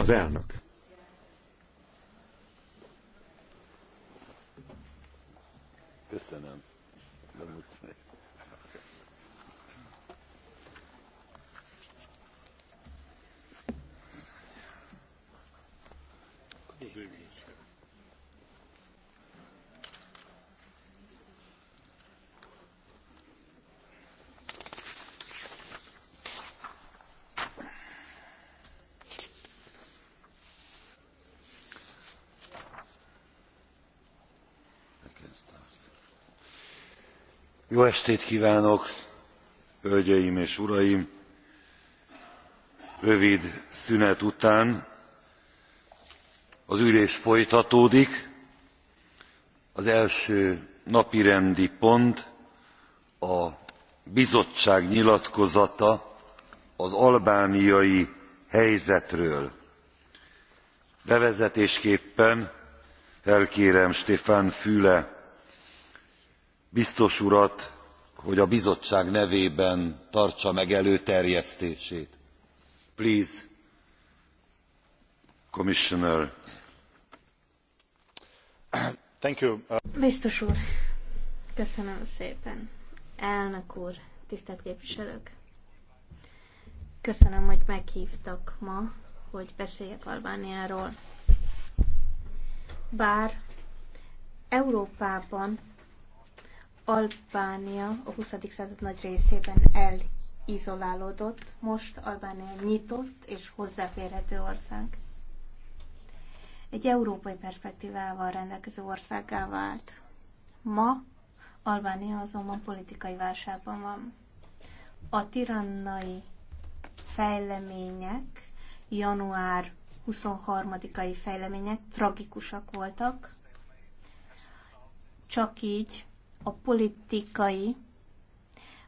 Az elnök. Köszönöm. Jó estét kívánok, hölgyeim és uraim! Rövid szünet után az ülés folytatódik. Az első napirendi pont a bizottság nyilatkozata az albániai helyzetről. Bevezetésképpen felkérem Stefan Füle biztos urat hogy a bizottság nevében tartsa meg előterjesztését. please commissioner. biztos úr köszönöm szépen elnök úr tisztelt képviselők köszönöm hogy meghívtak ma hogy beszéljek albániáról bár európában Albánia a 20. század nagy részében elizolálódott, most Albánia nyitott és hozzáférhető ország. Egy európai perspektívával rendelkező országá vált. Ma Albánia azonban politikai válságban van. A tirannai fejlemények, január 23-ai fejlemények tragikusak voltak, csak így a politikai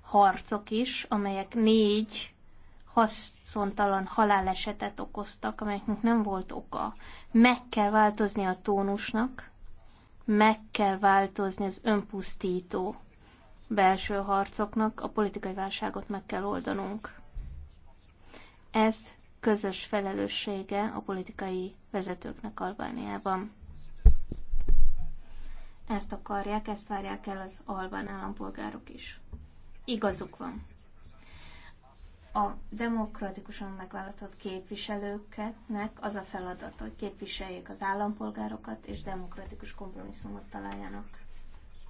harcok is, amelyek négy haszontalan halálesetet okoztak, amelyeknek nem volt oka. Meg kell változni a tónusnak, meg kell változni az önpusztító belső harcoknak, a politikai válságot meg kell oldanunk. Ez közös felelőssége a politikai vezetőknek Albániában. Ezt akarják, ezt várják el az albán állampolgárok is. Igazuk van. A demokratikusan megválasztott képviselőknek az a feladat, hogy képviseljék az állampolgárokat, és demokratikus kompromisszumot találjanak.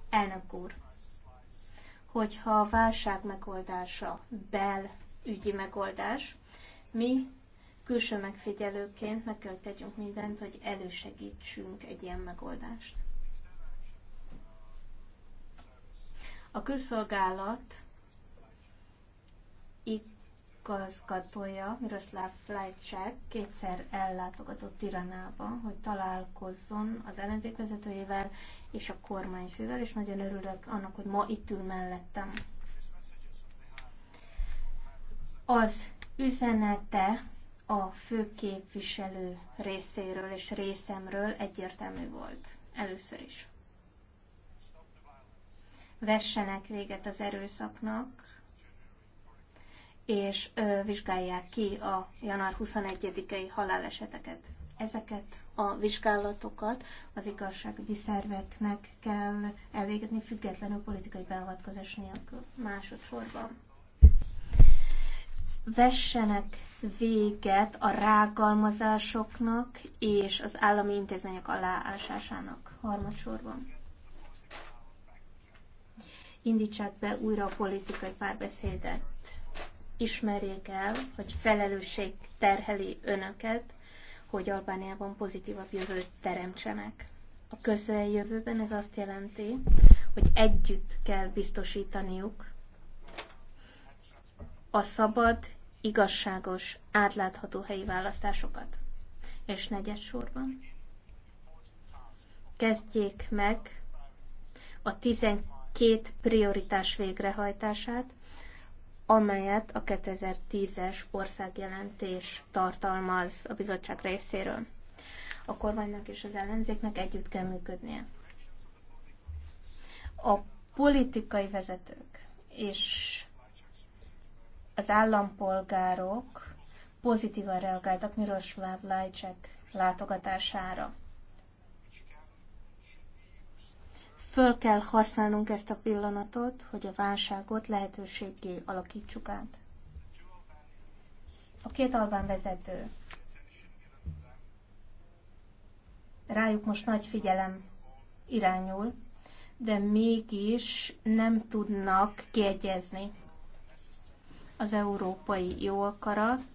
Elnök úr, hogyha a válság megoldása belügyi megoldás, mi külső megfigyelőként meg kell tegyünk mindent, hogy elősegítsünk egy ilyen megoldást. A külszolgálat igazgatója, Miroslav Flajcsák kétszer ellátogatott Tiranába, hogy találkozzon az ellenzék vezetőjével és a kormányfővel, és nagyon örülök annak, hogy ma itt ül mellettem. Az üzenete a főképviselő részéről és részemről egyértelmű volt először is vessenek véget az erőszaknak, és ö, vizsgálják ki a január 21-i haláleseteket. Ezeket a vizsgálatokat az igazságügyi szerveknek kell elvégezni függetlenül politikai beavatkozás nélkül másodszorban. Vessenek véget a rágalmazásoknak és az állami intézmények aláásásának harmadsorban indítsák be újra a politikai párbeszédet. Ismerjék el, hogy felelősség terheli önöket, hogy Albániában pozitívabb jövőt teremtsenek. A közeljövőben ez azt jelenti, hogy együtt kell biztosítaniuk a szabad, igazságos, átlátható helyi választásokat. És negyed sorban kezdjék meg a 12 két prioritás végrehajtását, amelyet a 2010-es országjelentés tartalmaz a bizottság részéről. A kormánynak és az ellenzéknek együtt kell működnie. A politikai vezetők és az állampolgárok pozitívan reagáltak Miroslav Lajcsek látogatására. Föl kell használnunk ezt a pillanatot, hogy a válságot lehetőségé alakítsuk át. A két albán vezető. Rájuk most nagy figyelem irányul, de mégis nem tudnak kiegyezni. Az európai jó akarat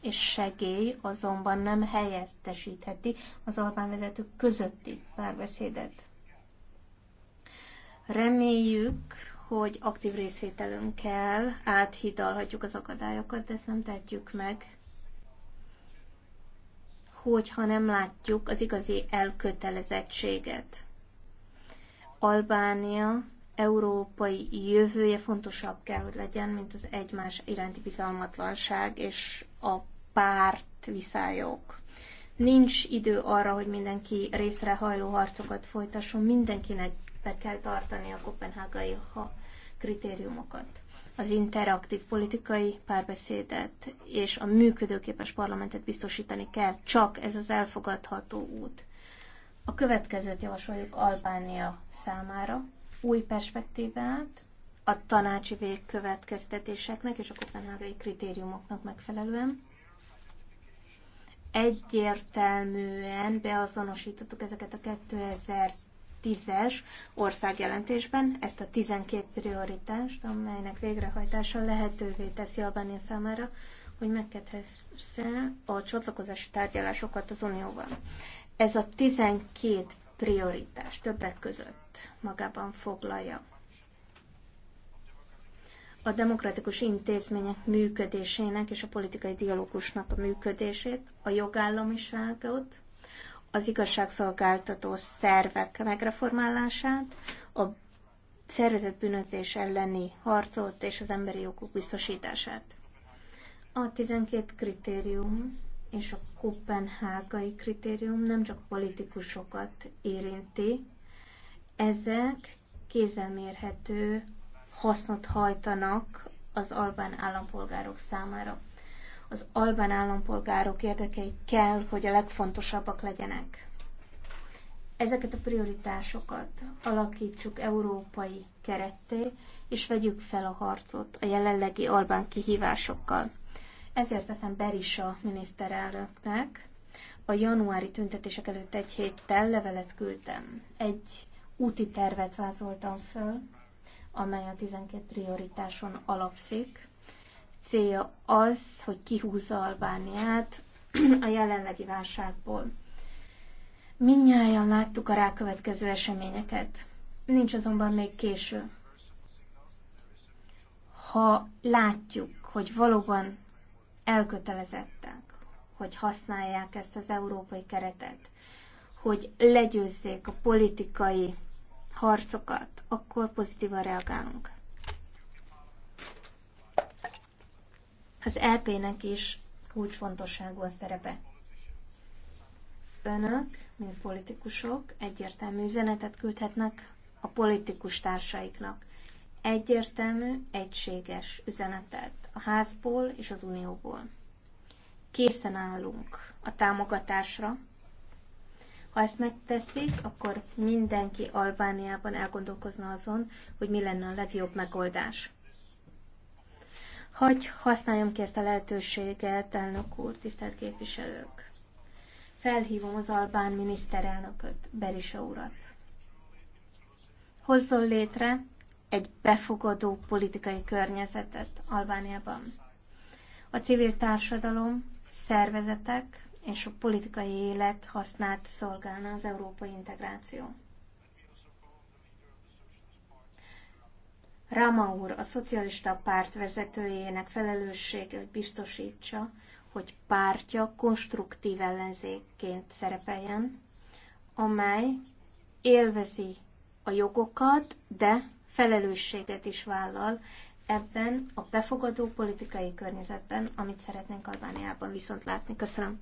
és segély azonban nem helyettesítheti az albán vezetők közötti párbeszédet. Reméljük, hogy aktív részvételünkkel áthidalhatjuk az akadályokat, de ezt nem tehetjük meg, hogyha nem látjuk az igazi elkötelezettséget. Albánia európai jövője fontosabb kell, hogy legyen, mint az egymás iránti bizalmatlanság és a párt viszályok. Nincs idő arra, hogy mindenki részrehajló harcokat folytasson, mindenkinek be kell tartani a kopenhágai kritériumokat. Az interaktív politikai párbeszédet és a működőképes parlamentet biztosítani kell, csak ez az elfogadható út. A következőt javasoljuk Albánia számára, új perspektívát, a tanácsi végkövetkeztetéseknek és a kopenhágai kritériumoknak megfelelően. Egyértelműen beazonosítottuk ezeket a 10 es országjelentésben ezt a 12 prioritást, amelynek végrehajtása lehetővé teszi Albánia számára, hogy megkedhesse a csatlakozási tárgyalásokat az Unióval. Ez a 12 prioritás többek között magában foglalja a demokratikus intézmények működésének és a politikai dialógusnak a működését, a jogállamiságot, az igazságszolgáltató szervek megreformálását, a szervezett bűnözés elleni harcot és az emberi jogok biztosítását. A 12 kritérium és a kopenhágai kritérium nem csak politikusokat érinti, ezek kézzelmérhető hasznot hajtanak az albán állampolgárok számára az albán állampolgárok érdekei kell, hogy a legfontosabbak legyenek. Ezeket a prioritásokat alakítsuk európai keretté, és vegyük fel a harcot a jelenlegi albán kihívásokkal. Ezért teszem Berisa miniszterelnöknek a januári tüntetések előtt egy héttel levelet küldtem. Egy úti tervet vázoltam föl, amely a 12 prioritáson alapszik, célja az, hogy kihúzza Albániát a jelenlegi válságból. Mindnyájan láttuk a rákövetkező eseményeket. Nincs azonban még késő. Ha látjuk, hogy valóban elkötelezettek, hogy használják ezt az európai keretet, hogy legyőzzék a politikai harcokat, akkor pozitívan reagálunk. az LP-nek e is kulcsfontosságú a szerepe. Önök, mint politikusok, egyértelmű üzenetet küldhetnek a politikus társaiknak. Egyértelmű, egységes üzenetet a házból és az unióból. Készen állunk a támogatásra. Ha ezt megteszik, akkor mindenki Albániában elgondolkozna azon, hogy mi lenne a legjobb megoldás. Hogy használjam ki ezt a lehetőséget, elnök úr, tisztelt képviselők. Felhívom az albán miniszterelnököt, Berisa urat. Hozzon létre egy befogadó politikai környezetet Albániában. A civil társadalom, szervezetek és a politikai élet használt szolgálna az európai integráció. Rama úr, a szocialista párt vezetőjének felelőssége, hogy biztosítsa, hogy pártja konstruktív ellenzékként szerepeljen, amely élvezi a jogokat, de felelősséget is vállal ebben a befogadó politikai környezetben, amit szeretnénk Albániában viszont látni. Köszönöm.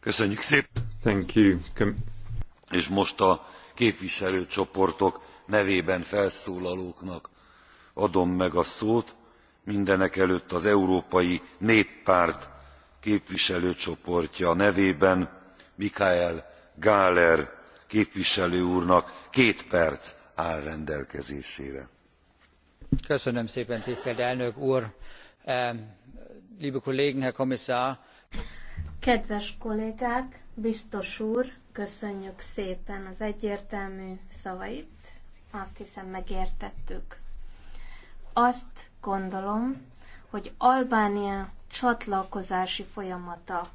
Köszönjük szépen. Thank you. Com- És most a képviselőcsoportok nevében felszólalóknak adom meg a szót mindenekelőtt az európai néppárt képviselőcsoportja nevében michael gahler képviselő úrnak két perc áll rendelkezésére. köszönöm szépen tisztelt elnök úr liebe kollegen herr kommissar! kedves kollégák biztos úr! Köszönjük szépen az egyértelmű szavait, azt hiszem megértettük. Azt gondolom, hogy Albánia csatlakozási folyamata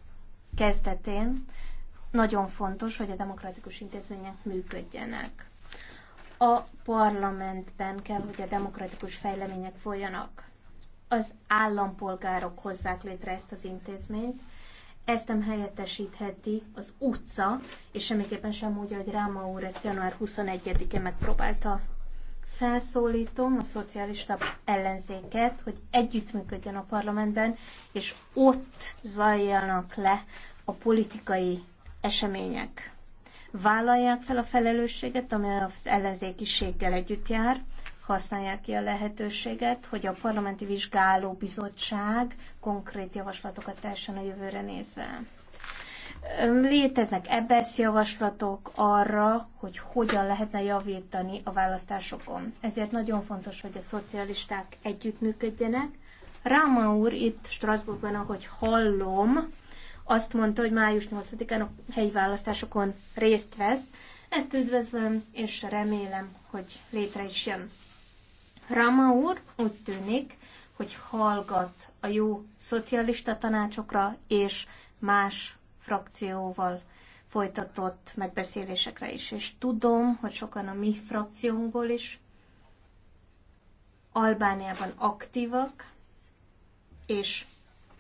kezdetén nagyon fontos, hogy a demokratikus intézmények működjenek. A parlamentben kell, hogy a demokratikus fejlemények folyanak. Az állampolgárok hozzák létre ezt az intézményt, ezt nem helyettesítheti az utca, és semmiképpen sem úgy, hogy Ráma úr ezt január 21-én megpróbálta. Felszólítom a szocialista ellenzéket, hogy együttműködjön a parlamentben, és ott zajjanak le a politikai események. Vállalják fel a felelősséget, ami az ellenzékiséggel együtt jár, használják ki a lehetőséget, hogy a Parlamenti Vizsgáló Bizottság konkrét javaslatokat tessen a jövőre nézve. Léteznek ebbesz javaslatok arra, hogy hogyan lehetne javítani a választásokon. Ezért nagyon fontos, hogy a szocialisták együttműködjenek. Ráma úr itt Strasbourgban, ahogy hallom, azt mondta, hogy május 8-án a helyi választásokon részt vesz. Ezt üdvözlöm, és remélem, hogy létre is jön. Rama úr úgy tűnik, hogy hallgat a jó szocialista tanácsokra és más frakcióval folytatott megbeszélésekre is. És tudom, hogy sokan a mi frakciónkból is Albániában aktívak, és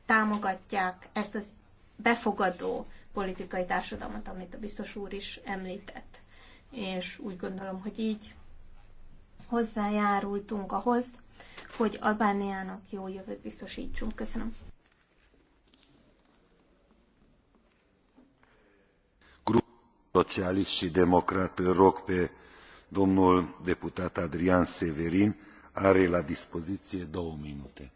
támogatják ezt az befogadó politikai társadalmat, amit a biztos úr is említett. És úgy gondolom, hogy így hozzájárultunk ahhoz, hogy Albániának jó jövőt biztosítsunk. Köszönöm. Socialisti demokrat Democrat rog pe domnul deputat Adrian Severin are la dispoziție două minute.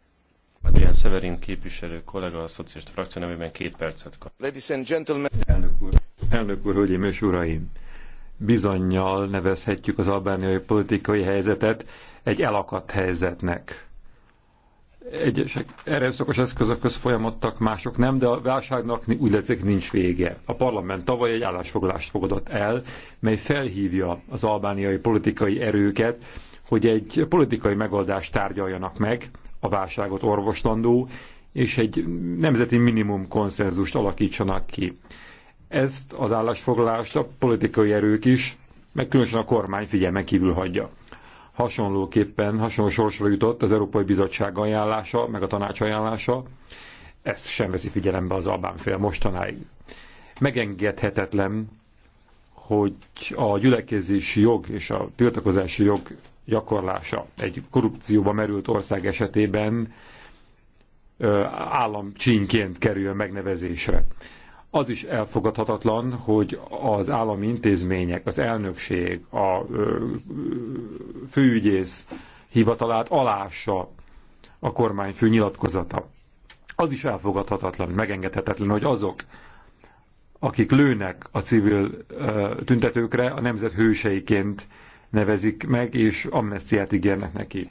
Adrian Severin képviselő kollega a Szociális frakció nevében két percet kap. Ladies and gentlemen. Elnök úr, elnök úr hölgyeim és uraim! bizonyal nevezhetjük az albániai politikai helyzetet egy elakadt helyzetnek. Egyesek erre szokos eszközök köz folyamodtak, mások nem, de a válságnak úgy látszik nincs vége. A parlament tavaly egy állásfoglalást fogadott el, mely felhívja az albániai politikai erőket, hogy egy politikai megoldást tárgyaljanak meg, a válságot orvoslandó, és egy nemzeti minimum konszenzust alakítsanak ki. Ezt az állásfoglalást a politikai erők is, meg különösen a kormány figyelme kívül hagyja. Hasonlóképpen hasonló sorsra jutott az Európai Bizottság ajánlása, meg a tanács ajánlása. Ezt sem veszi figyelembe az Albán fél mostanáig. Megengedhetetlen, hogy a gyülekezési jog és a tiltakozási jog gyakorlása egy korrupcióba merült ország esetében államcsínként kerül megnevezésre. Az is elfogadhatatlan, hogy az állami intézmények, az elnökség, a főügyész hivatalát alássa a kormányfő nyilatkozata. Az is elfogadhatatlan, megengedhetetlen, hogy azok, akik lőnek a civil tüntetőkre, a nemzet hőseiként nevezik meg, és amnestiát ígérnek neki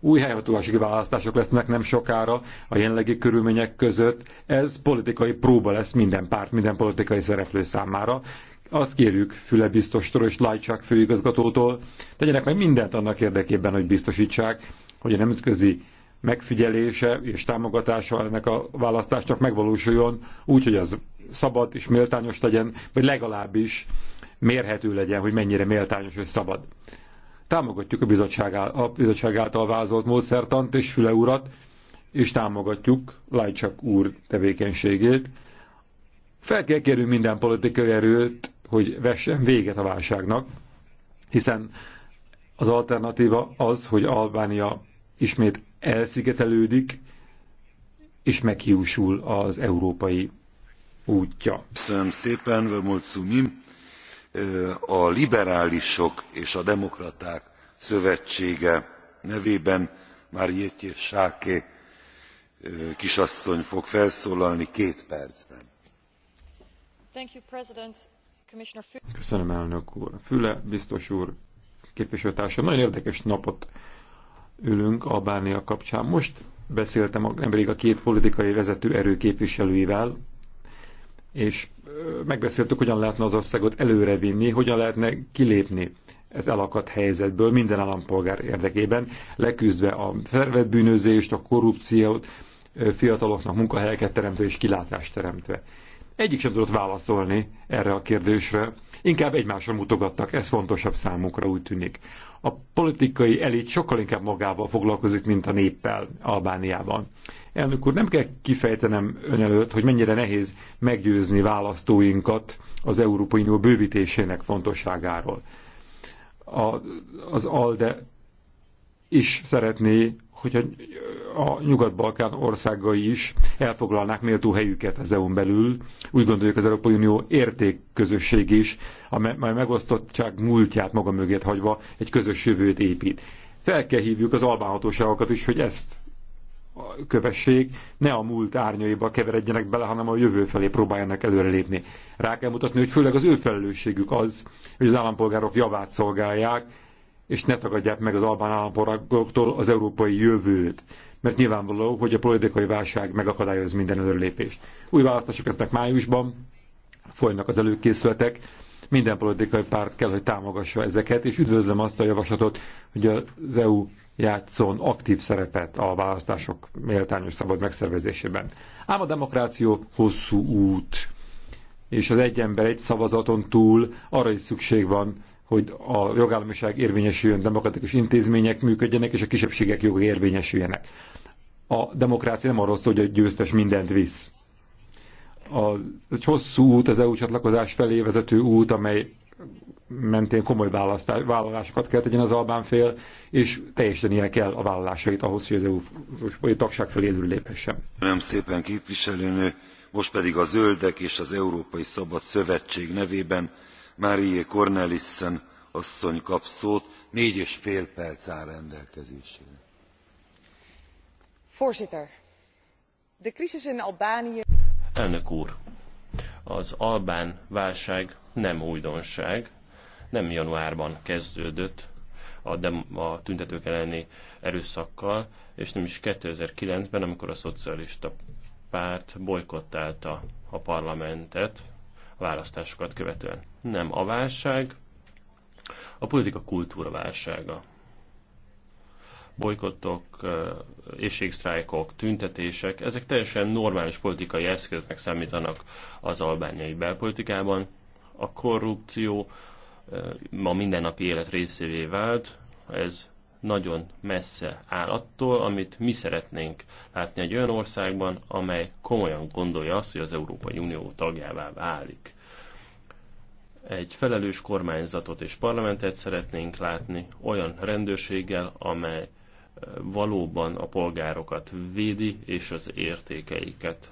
új helyhatósági választások lesznek nem sokára a jelenlegi körülmények között. Ez politikai próba lesz minden párt, minden politikai szereplő számára. Azt kérjük Füle biztostól és Lajcsák főigazgatótól, tegyenek meg mindent annak érdekében, hogy biztosítsák, hogy a nemzetközi megfigyelése és támogatása ennek a választásnak megvalósuljon úgy, hogy az szabad és méltányos legyen, vagy legalábbis mérhető legyen, hogy mennyire méltányos és szabad. Támogatjuk a bizottság, a bizottság által vázolt módszertant és Füle urat, és támogatjuk Lajcsak úr tevékenységét. Fel kell kérnünk minden politikai erőt, hogy vessen véget a válságnak, hiszen az alternatíva az, hogy Albánia ismét elszigetelődik, és meghiúsul az európai útja. Köszönöm szépen, Vömolcumim! a liberálisok és a demokraták szövetsége nevében marietje schaake kisasszony fog felszólalni két percben. Köszönöm, elnök úr. Füle, biztos úr, képviselőtársam, nagyon érdekes napot ülünk Albánia kapcsán. Most beszéltem nemrég a két politikai vezető erő képviselőivel, és megbeszéltük, hogyan lehetne az országot előrevinni, hogyan lehetne kilépni ez elakadt helyzetből minden állampolgár érdekében, leküzdve a felvett bűnözést, a korrupciót, fiataloknak munkahelyeket teremtve és kilátást teremtve. Egyik sem tudott válaszolni erre a kérdésre. Inkább egymásra mutogattak, ez fontosabb számukra úgy tűnik. A politikai elit sokkal inkább magával foglalkozik, mint a néppel Albániában. Elnök úr, nem kell kifejtenem ön előtt, hogy mennyire nehéz meggyőzni választóinkat az Európai Unió bővítésének fontosságáról. A, az ALDE is szeretné hogy a, a Nyugat-Balkán országai is elfoglalnák méltó helyüket az EU-n belül. Úgy gondoljuk az Európai Unió értékközösség is, amely megosztottság múltját maga mögött hagyva egy közös jövőt épít. Fel kell hívjuk az albánhatóságokat is, hogy ezt kövessék, ne a múlt árnyaiba keveredjenek bele, hanem a jövő felé próbáljanak előrelépni. Rá kell mutatni, hogy főleg az ő felelősségük az, hogy az állampolgárok javát szolgálják, és ne tagadják meg az albán állampolgároktól az európai jövőt, mert nyilvánvaló, hogy a politikai válság megakadályoz minden előrelépést. Új választások lesznek májusban, folynak az előkészületek, minden politikai párt kell, hogy támogassa ezeket, és üdvözlöm azt a javaslatot, hogy az EU játszon aktív szerepet a választások méltányos szabad megszervezésében. Ám a demokráció hosszú út, és az egy ember egy szavazaton túl arra is szükség van, hogy a jogállamiság érvényesüljön, demokratikus intézmények működjenek, és a kisebbségek jogai érvényesüljenek. A demokrácia nem arról szól, hogy a győztes mindent visz. A, egy hosszú út az EU csatlakozás felé vezető út, amely mentén komoly választás, vállalásokat kell tegyen az albán fél, és teljesítenie kell a vállalásait ahhoz, hogy az EU tagság felé léphessen. Nem szépen képviselőnő, most pedig a Zöldek és az Európai Szabad Szövetség nevében Márié Cornelissen asszony kap szót négy és fél perc áll rendelkezésére. Voorzitter, de crisis in Albanië. Elnök úr, az albán válság nem újdonság, nem januárban kezdődött a, dem- a tüntetők elleni erőszakkal, és nem is 2009-ben, amikor a szocialista párt bolykottálta a parlamentet a választásokat követően. Nem a válság a politika kultúra válsága. Bolykottok, eh, éjségsztrájkok, tüntetések, ezek teljesen normális politikai eszköznek számítanak az albániai belpolitikában. A korrupció eh, ma mindennapi élet részévé vált, ez nagyon messze áll attól, amit mi szeretnénk látni egy olyan országban, amely komolyan gondolja azt, hogy az Európai Unió tagjává válik egy felelős kormányzatot és parlamentet szeretnénk látni, olyan rendőrséggel, amely valóban a polgárokat védi, és az értékeiket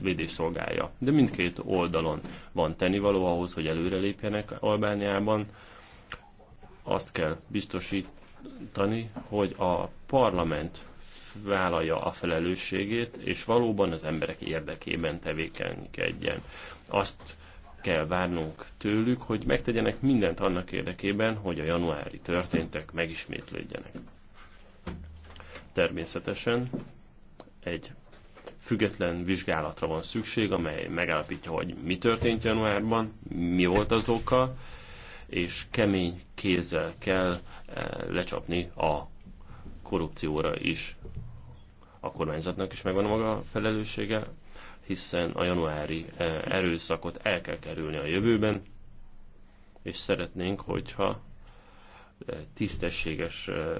védi szolgálja. De mindkét oldalon van tennivaló ahhoz, hogy előrelépjenek Albániában. Azt kell biztosítani, hogy a parlament vállalja a felelősségét, és valóban az emberek érdekében tevékenykedjen. Azt kell várnunk tőlük, hogy megtegyenek mindent annak érdekében, hogy a januári történtek megismétlődjenek. Természetesen egy független vizsgálatra van szükség, amely megállapítja, hogy mi történt januárban, mi volt az oka, és kemény kézzel kell eh, lecsapni a korrupcióra is. A kormányzatnak is megvan a maga felelőssége, hiszen a januári eh, erőszakot el kell kerülni a jövőben, és szeretnénk, hogyha eh, tisztességes eh,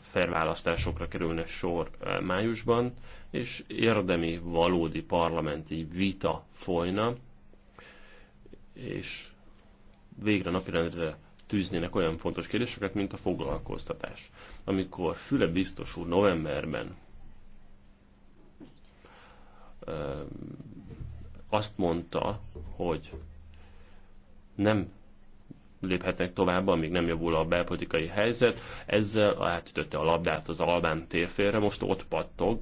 felválasztásokra kerülne sor májusban, és érdemi, valódi parlamenti vita folyna, és végre napirendre tűznének olyan fontos kérdéseket, mint a foglalkoztatás. Amikor Füle biztos úr novemberben azt mondta, hogy nem léphetnek tovább, amíg nem javul a belpolitikai helyzet. Ezzel átütötte a labdát az Albán térfélre, most ott pattog,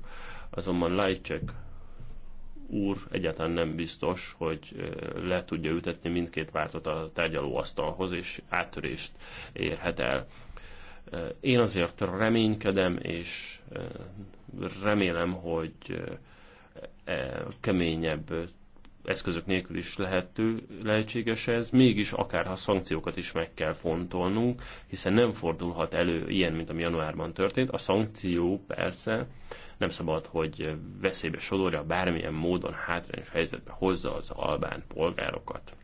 azonban Lajcsek úr egyáltalán nem biztos, hogy le tudja ütetni mindkét váltot a tárgyalóasztalhoz, és áttörést érhet el. Én azért reménykedem, és remélem, hogy E, keményebb eszközök nélkül is lehető, lehetséges ez, mégis akárha szankciókat is meg kell fontolnunk, hiszen nem fordulhat elő ilyen, mint ami januárban történt. A szankció persze nem szabad, hogy veszélybe sodorja, bármilyen módon hátrányos helyzetbe hozza az albán polgárokat.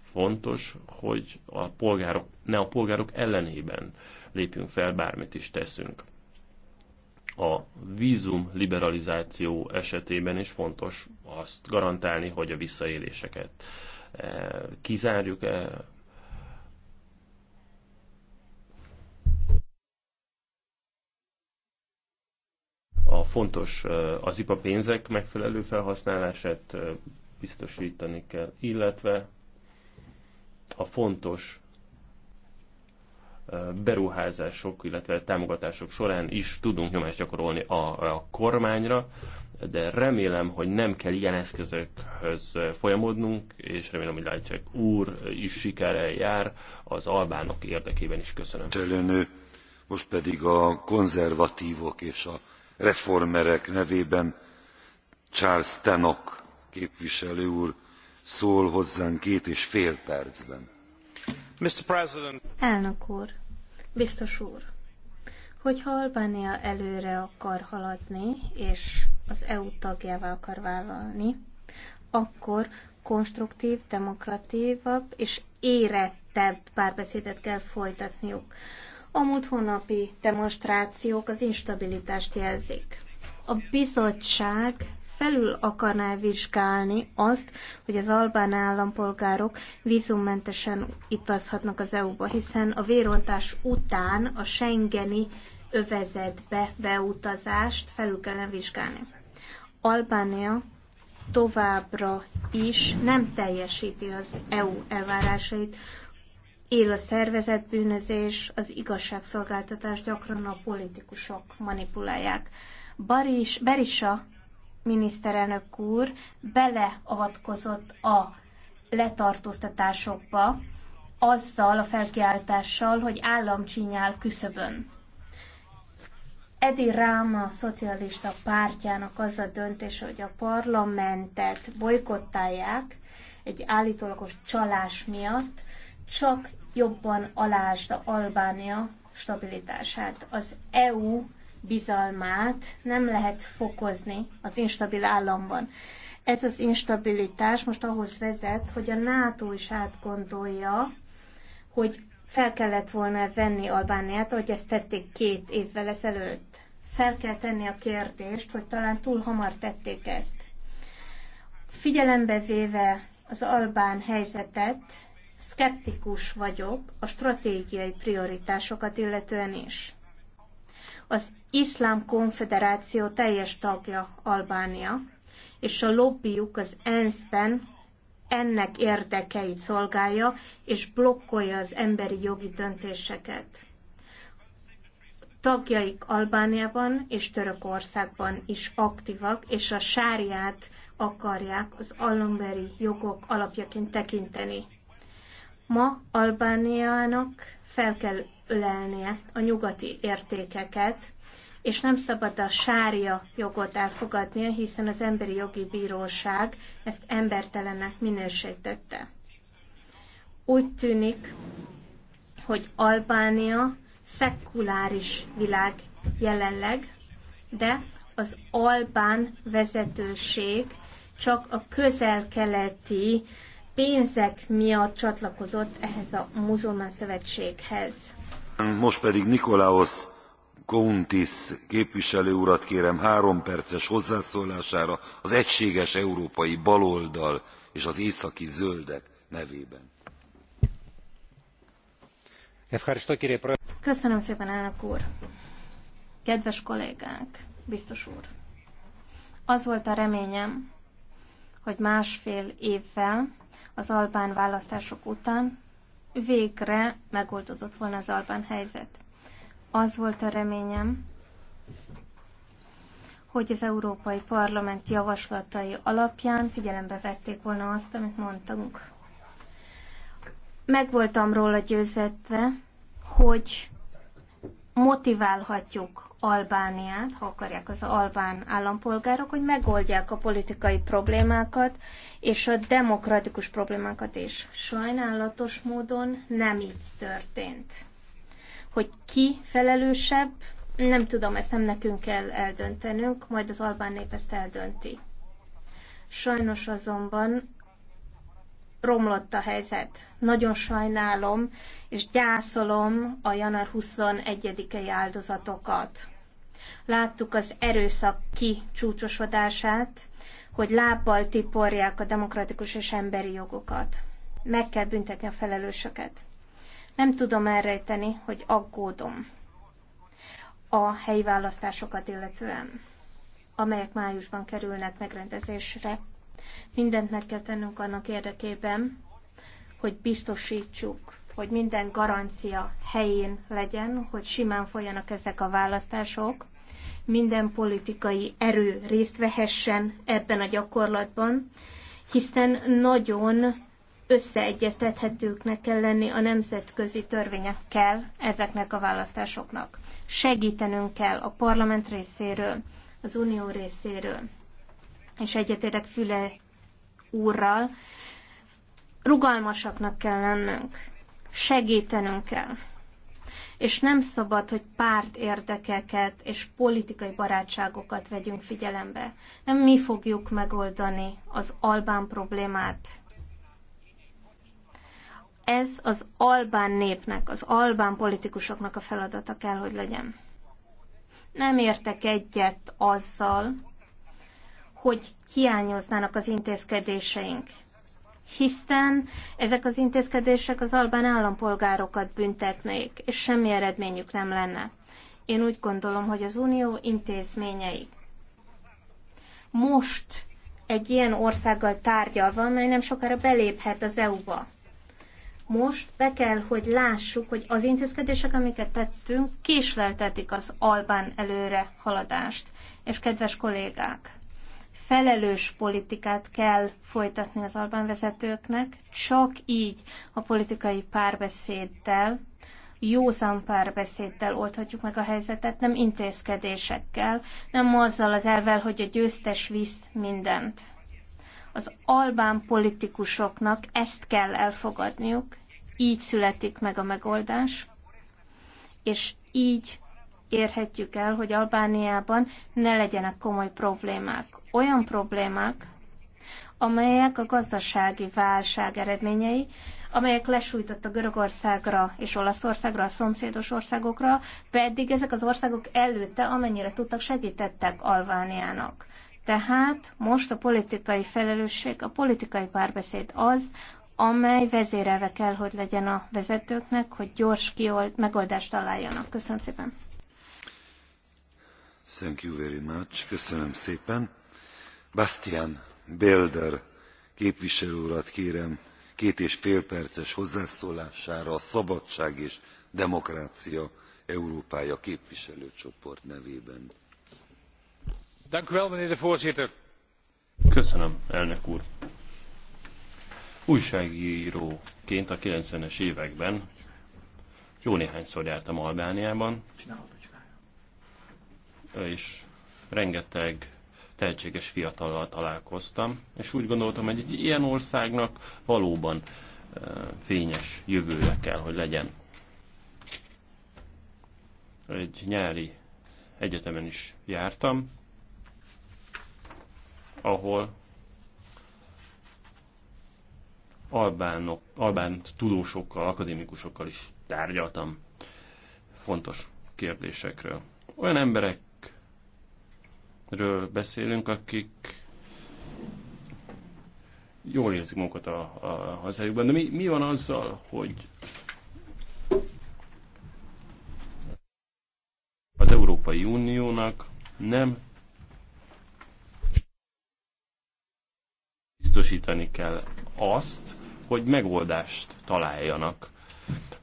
Fontos, hogy a polgárok, ne a polgárok ellenében lépjünk fel, bármit is teszünk a vízum liberalizáció esetében is fontos azt garantálni, hogy a visszaéléseket eh, kizárjuk. Eh. A fontos eh, az IPA pénzek megfelelő felhasználását biztosítani kell, illetve a fontos beruházások, illetve támogatások során is tudunk nyomást gyakorolni a, a kormányra, de remélem, hogy nem kell ilyen eszközökhöz folyamodnunk, és remélem, hogy Lajcsek úr is sikerrel jár az albánok érdekében is. Köszönöm. Cselönő, most pedig a konzervatívok és a reformerek nevében Charles Tenok képviselő úr szól hozzánk két és fél percben. Elnök úr, biztos úr, hogyha Albánia előre akar haladni, és az EU tagjává akar vállalni, akkor konstruktív, demokratívabb és érettebb párbeszédet kell folytatniuk. A múlt hónapi demonstrációk az instabilitást jelzik. A bizottság felül akarná vizsgálni azt, hogy az albán állampolgárok vízummentesen utazhatnak az EU-ba, hiszen a vérontás után a Schengeni övezetbe beutazást felül kellene vizsgálni. Albánia továbbra is nem teljesíti az EU elvárásait, él a szervezetbűnözés, az igazságszolgáltatás gyakran a politikusok manipulálják. Baris, Berisa miniszterelnök úr beleavatkozott a letartóztatásokba, azzal a felkiáltással, hogy állam csinyál küszöbön. Edi Ráma szocialista pártjának az a döntés, hogy a parlamentet bolykottálják egy állítólagos csalás miatt, csak jobban alásta Albánia stabilitását. Az EU bizalmát nem lehet fokozni az instabil államban. Ez az instabilitás most ahhoz vezet, hogy a NATO is átgondolja, hogy fel kellett volna venni Albániát, ahogy ezt tették két évvel ezelőtt. Fel kell tenni a kérdést, hogy talán túl hamar tették ezt. Figyelembe véve az albán helyzetet, szkeptikus vagyok a stratégiai prioritásokat illetően is. Az iszlám konfederáció teljes tagja Albánia, és a lobbyjuk az ENSZ-ben ennek érdekeit szolgálja, és blokkolja az emberi jogi döntéseket. Tagjaik Albániában és Törökországban is aktívak, és a sáriát akarják az alomberi jogok alapjaként tekinteni. Ma Albániának fel kell ölelnie a nyugati értékeket, és nem szabad a sárja jogot elfogadnia, hiszen az Emberi Jogi Bíróság ezt embertelennek minősítette. Úgy tűnik, hogy Albánia szekuláris világ jelenleg, de az albán vezetőség csak a közel-keleti pénzek miatt csatlakozott ehhez a muzulmán szövetséghez. Most pedig Nikolaos Kountis képviselő urat kérem három perces hozzászólására az egységes európai baloldal és az északi zöldek nevében. Köszönöm szépen, elnök úr! Kedves kollégánk, biztos úr! Az volt a reményem, hogy másfél évvel az albán választások után végre megoldódott volna az albán helyzet. Az volt a reményem, hogy az Európai Parlament javaslatai alapján figyelembe vették volna azt, amit mondtunk. Meg voltam róla győzetve, hogy motiválhatjuk Albániát, ha akarják az albán állampolgárok, hogy megoldják a politikai problémákat és a demokratikus problémákat is. Sajnálatos módon nem így történt. Hogy ki felelősebb, nem tudom, ezt nem nekünk kell eldöntenünk, majd az albán nép ezt eldönti. Sajnos azonban romlott a helyzet. Nagyon sajnálom, és gyászolom a január 21-i áldozatokat. Láttuk az erőszak kicsúcsosodását, hogy lábbal tiporják a demokratikus és emberi jogokat. Meg kell büntetni a felelősöket. Nem tudom elrejteni, hogy aggódom a helyi választásokat illetően, amelyek májusban kerülnek megrendezésre. Mindent meg kell tennünk annak érdekében, hogy biztosítsuk, hogy minden garancia helyén legyen, hogy simán folyanak ezek a választások, minden politikai erő részt vehessen ebben a gyakorlatban, hiszen nagyon összeegyeztethetőknek kell lenni a nemzetközi törvényekkel ezeknek a választásoknak. Segítenünk kell a parlament részéről, az unió részéről, és egyetérek Füle úrral, rugalmasaknak kell lennünk, segítenünk kell. És nem szabad, hogy párt érdekeket és politikai barátságokat vegyünk figyelembe. Nem mi fogjuk megoldani az albán problémát, ez az albán népnek, az albán politikusoknak a feladata kell, hogy legyen. Nem értek egyet azzal, hogy hiányoznának az intézkedéseink hiszen ezek az intézkedések az albán állampolgárokat büntetnék, és semmi eredményük nem lenne. Én úgy gondolom, hogy az unió intézményei most egy ilyen országgal tárgyalva, mely nem sokára beléphet az EU-ba most be kell, hogy lássuk, hogy az intézkedések, amiket tettünk, késleltetik az albán előre haladást. És kedves kollégák, felelős politikát kell folytatni az albán vezetőknek, csak így a politikai párbeszéddel, józan párbeszéddel oldhatjuk meg a helyzetet, nem intézkedésekkel, nem azzal az elvel, hogy a győztes visz mindent. Az albán politikusoknak ezt kell elfogadniuk, így születik meg a megoldás, és így érhetjük el, hogy Albániában ne legyenek komoly problémák. Olyan problémák, amelyek a gazdasági válság eredményei, amelyek lesújtott a Görögországra és Olaszországra, a szomszédos országokra, pedig ezek az országok előtte amennyire tudtak segítettek Albániának. Tehát most a politikai felelősség, a politikai párbeszéd az, amely vezérelve kell, hogy legyen a vezetőknek, hogy gyors kiold, megoldást találjanak. Köszönöm szépen. Thank you very much. Köszönöm szépen. Bastian Belder képviselő urat kérem két és fél perces hozzászólására a Szabadság és Demokrácia Európája képviselőcsoport nevében. Köszönöm, elnök a 90-es években jó néhányszor jártam Albániában, és rengeteg tehetséges fiatallal találkoztam, és úgy gondoltam, hogy egy ilyen országnak valóban fényes jövője kell, hogy legyen. Egy nyári egyetemen is jártam, ahol albánok, albán tudósokkal, akadémikusokkal is tárgyaltam fontos kérdésekről. Olyan emberekről beszélünk, akik jól érzik magukat a, a hazájukban, de mi, mi van azzal, hogy az Európai Uniónak nem biztosítani kell azt, hogy megoldást találjanak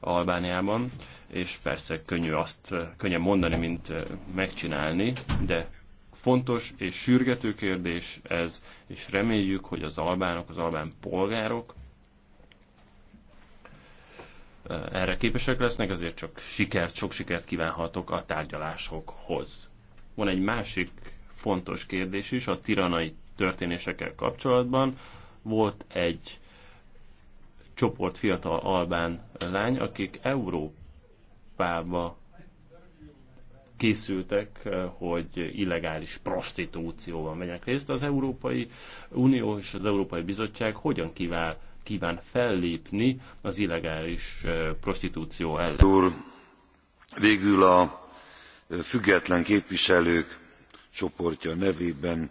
Albániában, és persze könnyű azt, könnyen mondani, mint megcsinálni, de fontos és sürgető kérdés ez, és reméljük, hogy az albánok, az albán polgárok erre képesek lesznek, azért csak sikert, sok sikert kívánhatok a tárgyalásokhoz. Van egy másik fontos kérdés is, a tiranai történésekkel kapcsolatban. Volt egy csoport fiatal albán lány, akik Európába készültek, eh, hogy illegális prostitúcióban vegyenek részt. Az Európai Unió és az Európai Bizottság hogyan kíván, kíván fellépni az illegális eh, prostitúció ellen? Úr, végül a eh, független képviselők csoportja nevében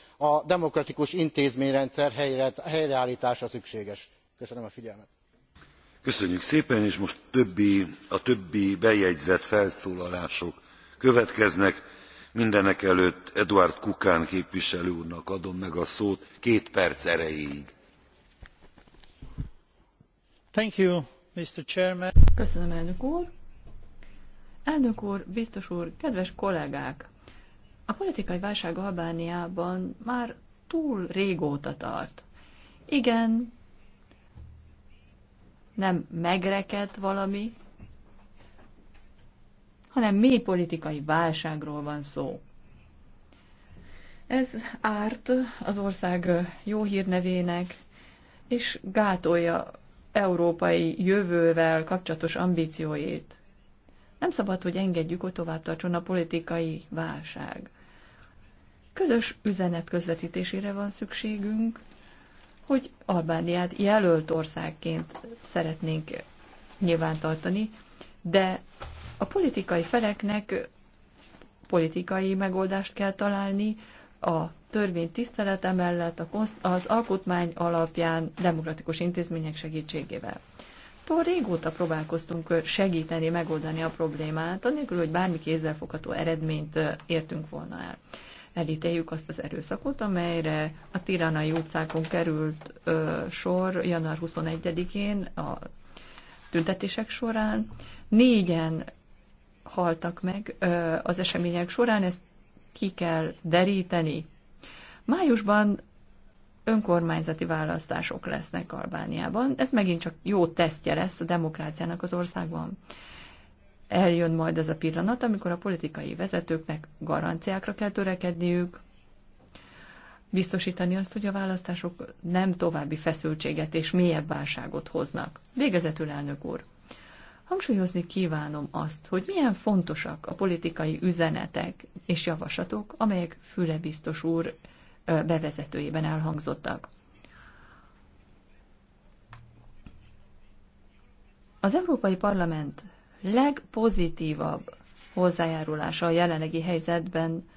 a demokratikus intézményrendszer helyreálltása szükséges. köszönöm a figyelmet. köszönjük szépen és most a többi bejegyzett felszólalások következnek mindenekelőtt eduard kukan képviselő úrnak adom meg a szót két perc erejéig. köszönöm elnök úr! elnök úr biztos úr kedves kollégák! A politikai válság Albániában már túl régóta tart. Igen, nem megrekedt valami, hanem mély politikai válságról van szó. Ez árt az ország jó hírnevének, és gátolja európai jövővel kapcsolatos ambícióit. Nem szabad, hogy engedjük, hogy tovább tartson a politikai válság. Közös üzenet közvetítésére van szükségünk, hogy Albániát jelölt országként szeretnénk nyilvántartani, de a politikai feleknek politikai megoldást kell találni, a törvény tisztelete mellett az alkotmány alapján demokratikus intézmények segítségével borzasztó régóta próbálkoztunk segíteni, megoldani a problémát, anélkül, hogy bármi kézzelfogható eredményt értünk volna el. Elítéljük azt az erőszakot, amelyre a Tiranai utcákon került ö, sor január 21-én a tüntetések során. Négyen haltak meg ö, az események során, ezt ki kell deríteni. Májusban önkormányzati választások lesznek Albániában. Ez megint csak jó tesztje lesz a demokráciának az országban. Eljön majd az a pillanat, amikor a politikai vezetőknek garanciákra kell törekedniük, biztosítani azt, hogy a választások nem további feszültséget és mélyebb válságot hoznak. Végezetül, elnök úr, hangsúlyozni kívánom azt, hogy milyen fontosak a politikai üzenetek és javaslatok, amelyek Füle biztos úr bevezetőjében elhangzottak. Az Európai Parlament legpozitívabb hozzájárulása a jelenlegi helyzetben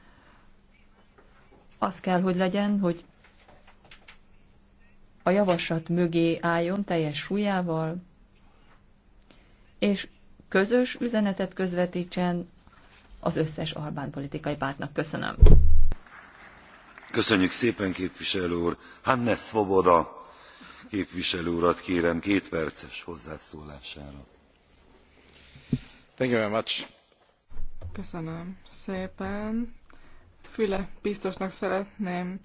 az kell, hogy legyen, hogy a javaslat mögé álljon teljes súlyával, és közös üzenetet közvetítsen az összes albán politikai pártnak. Köszönöm. Köszönjük szépen, képviselő úr. Hannes Svoboda képviselő urat kérem két perces hozzászólására. Thank you very much. Köszönöm szépen. Füle biztosnak szeretném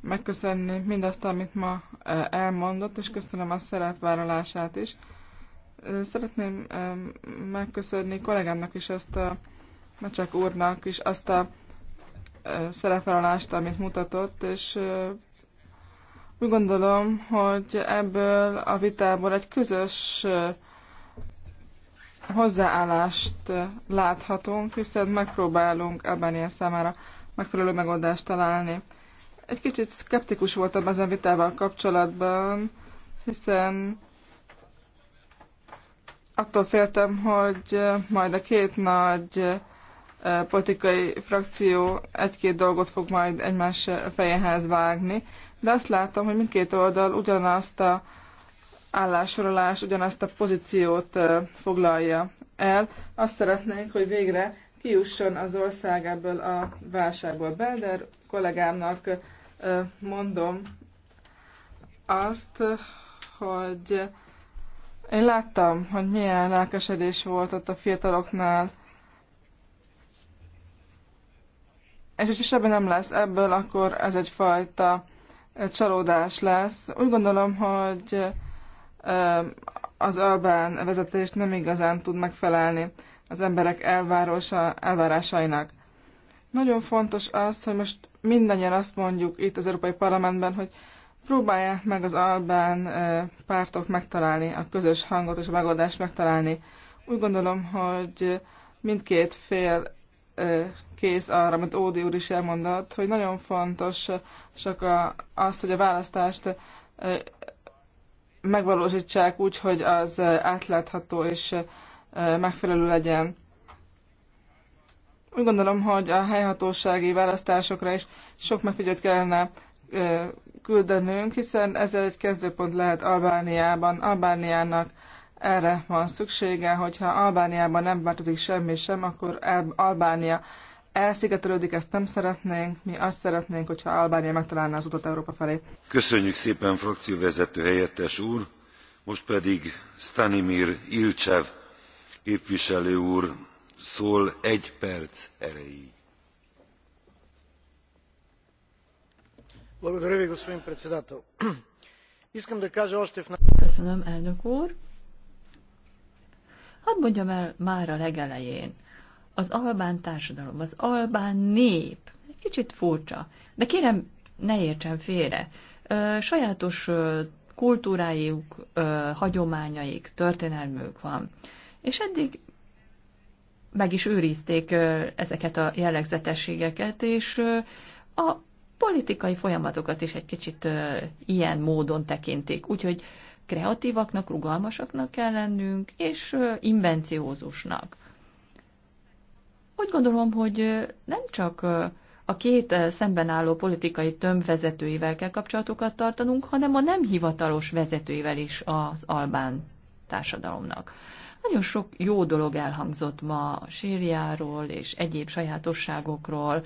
megköszönni mindazt, amit ma e, elmondott, és köszönöm a szerepvállalását is. Szeretném megköszönni kollégámnak is azt a Mecsek úrnak is azt a szerepvállalást, amit mutatott, és úgy gondolom, hogy ebből a vitából egy közös hozzáállást láthatunk, hiszen megpróbálunk ebben ilyen számára megfelelő megoldást találni. Egy kicsit szkeptikus voltam ezen vitával kapcsolatban, hiszen attól féltem, hogy majd a két nagy politikai frakció egy-két dolgot fog majd egymás fejehez vágni, de azt látom, hogy mindkét oldal ugyanazt a állásorolás, ugyanazt a pozíciót foglalja el. Azt szeretnénk, hogy végre kijusson az ország ebből a válságból. Belder kollégámnak mondom azt, hogy én láttam, hogy milyen lelkesedés volt ott a fiataloknál, és hogyha semmi nem lesz ebből, akkor ez egyfajta csalódás lesz. Úgy gondolom, hogy az Albán vezetés nem igazán tud megfelelni az emberek elvárosa, elvárásainak. Nagyon fontos az, hogy most mindannyian azt mondjuk itt az Európai Parlamentben, hogy próbálják meg az albán pártok megtalálni a közös hangot és a megoldást megtalálni. Úgy gondolom, hogy mindkét fél kész arra, amit Ódi úr is elmondott, hogy nagyon fontos csak az, hogy a választást megvalósítsák úgy, hogy az átlátható és megfelelő legyen. Úgy gondolom, hogy a helyhatósági választásokra is sok megfigyelt kellene küldenünk, hiszen ez egy kezdőpont lehet Albániában. Albániának erre van szüksége, hogyha Albániában nem változik semmi sem, akkor Albánia elszigetelődik, ezt nem szeretnénk, mi azt szeretnénk, hogyha Albánia megtalálná az utat Európa felé. Köszönjük szépen frakcióvezető helyettes úr, most pedig Stanimir Ilcsev képviselő úr szól egy perc erejéig. Köszönöm, elnök úr! Hadd mondjam el már a legelején, az albán társadalom, az albán nép, egy kicsit furcsa, de kérem, ne értsen félre, ö, sajátos ö, kultúrájuk, ö, hagyományaik, történelmük van, és eddig meg is őrizték ö, ezeket a jellegzetességeket, és ö, a politikai folyamatokat is egy kicsit ö, ilyen módon tekintik. Úgyhogy kreatívaknak, rugalmasaknak kell lennünk, és invenciózusnak. Úgy gondolom, hogy nem csak a két szemben álló politikai tömb vezetőivel kell kapcsolatokat tartanunk, hanem a nem hivatalos vezetőivel is az albán társadalomnak. Nagyon sok jó dolog elhangzott ma a sírjáról és egyéb sajátosságokról,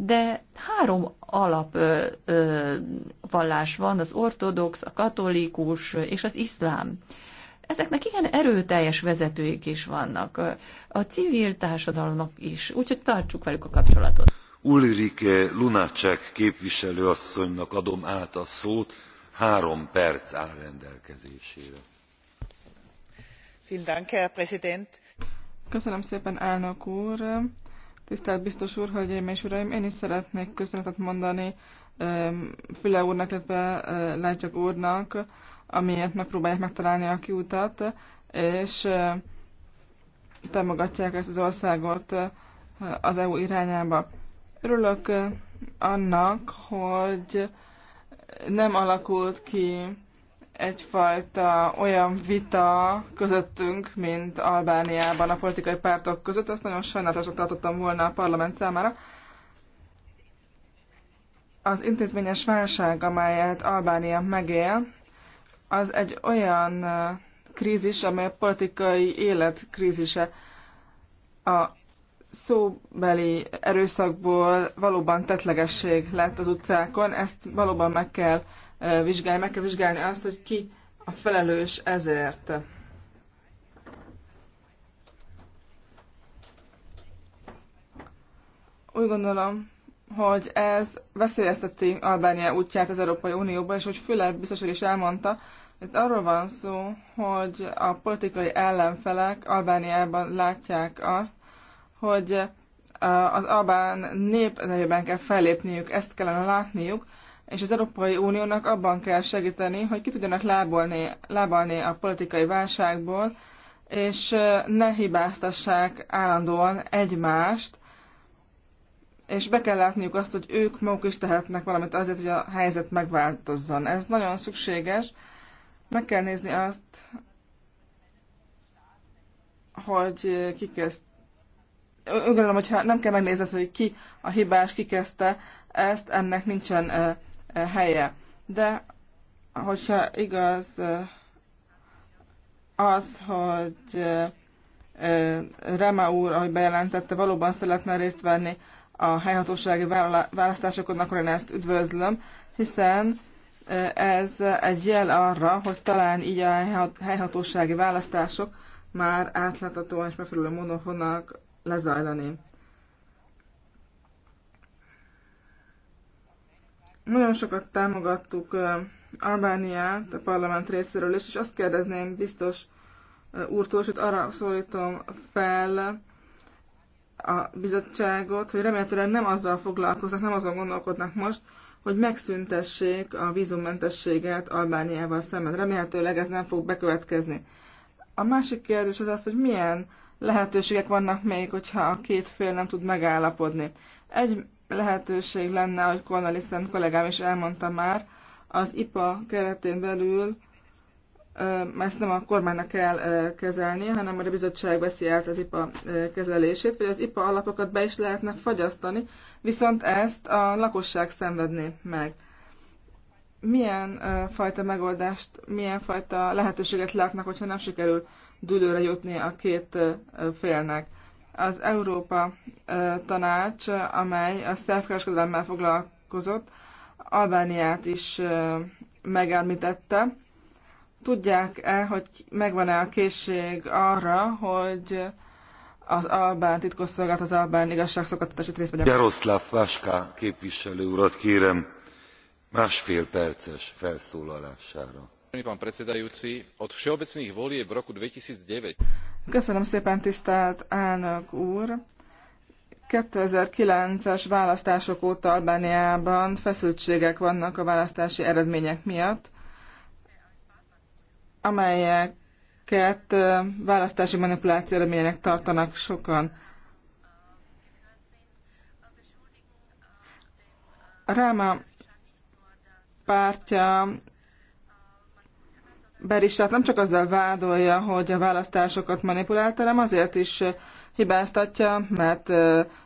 de három alapvallás van, az ortodox, a katolikus és az iszlám. Ezeknek igen erőteljes vezetőik is vannak, a civil társadalmak is, úgyhogy tartsuk velük a kapcsolatot. Ulrike Lunácsek képviselőasszonynak adom át a szót, három perc áll rendelkezésére. Köszönöm szépen, elnök úr! Tisztelt biztos úr, hölgyeim és uraim, én is szeretnék köszönetet mondani Füle úrnak, illetve e, Lágycsak úrnak, amiért megpróbálják megtalálni a kiutat, és e, támogatják ezt az országot e, az EU irányába. Örülök annak, hogy nem alakult ki egyfajta olyan vita közöttünk, mint Albániában a politikai pártok között. Ezt nagyon sajnálatosan tartottam volna a parlament számára. Az intézményes válság, amelyet Albánia megél, az egy olyan krízis, amely a politikai élet krízise. A szóbeli erőszakból valóban tetlegesség lett az utcákon, ezt valóban meg kell vizsgálni, meg kell vizsgálni azt, hogy ki a felelős ezért. Úgy gondolom, hogy ez veszélyezteti Albánia útját az Európai Unióba, és hogy Füle biztos hogy is elmondta, itt arról van szó, hogy a politikai ellenfelek Albániában látják azt, hogy az albán nép nevében kell fellépniük, ezt kellene látniuk, és az Európai Uniónak abban kell segíteni, hogy ki tudjanak lábolni, lábalni a politikai válságból, és ne hibáztassák állandóan egymást, és be kell látniuk azt, hogy ők maguk is tehetnek valamit azért, hogy a helyzet megváltozzon. Ez nagyon szükséges. Meg kell nézni azt, hogy ki kezd... Úgy gondolom, hogyha nem kell megnézni azt, hogy ki a hibás, ki kezdte ezt, ennek nincsen helye. De hogyha igaz az, hogy Rema úr, ahogy bejelentette, valóban szeretne részt venni a helyhatósági választásokon, akkor én ezt üdvözlöm, hiszen ez egy jel arra, hogy talán így a helyhatósági választások már átláthatóan és megfelelő módon fognak lezajlani. Nagyon sokat támogattuk Albániát a parlament részéről is, és azt kérdezném biztos úrtól, sőt arra szólítom fel a bizottságot, hogy remélhetően nem azzal foglalkoznak, nem azon gondolkodnak most, hogy megszüntessék a vízummentességet Albániával szemben. Remélhetőleg ez nem fog bekövetkezni. A másik kérdés az az, hogy milyen lehetőségek vannak még, hogyha a két fél nem tud megállapodni. Egy lehetőség lenne, hogy Cornelissen kollégám is elmondta már, az IPA keretén belül ezt nem a kormánynak kell kezelni, hanem hogy a bizottság veszi át az IPA kezelését, vagy az IPA alapokat be is lehetne fagyasztani, viszont ezt a lakosság szenvedné meg. Milyen fajta megoldást, milyen fajta lehetőséget látnak, hogyha nem sikerül dülőre jutni a két félnek? Az Európa Tanács, amely a szervkereskedelemmel foglalkozott, Albániát is megelmítette. Tudják-e, hogy megvan-e a készség arra, hogy az Albán titkosszolgált, az Albán igazságszolgáltatási részt vegye? Jaroszláv Vaská képviselő urat kérem másfél perces felszólalására. Pán predsedajúci, od všeobecných volieb v roku 2009 Köszönöm szépen, tisztelt elnök úr! 2009-es választások óta Albániában feszültségek vannak a választási eredmények miatt, amelyeket választási manipuláció eredmények tartanak sokan. Ráma pártja Berisát nem csak azzal vádolja, hogy a választásokat manipulálta, hanem azért is hibáztatja, mert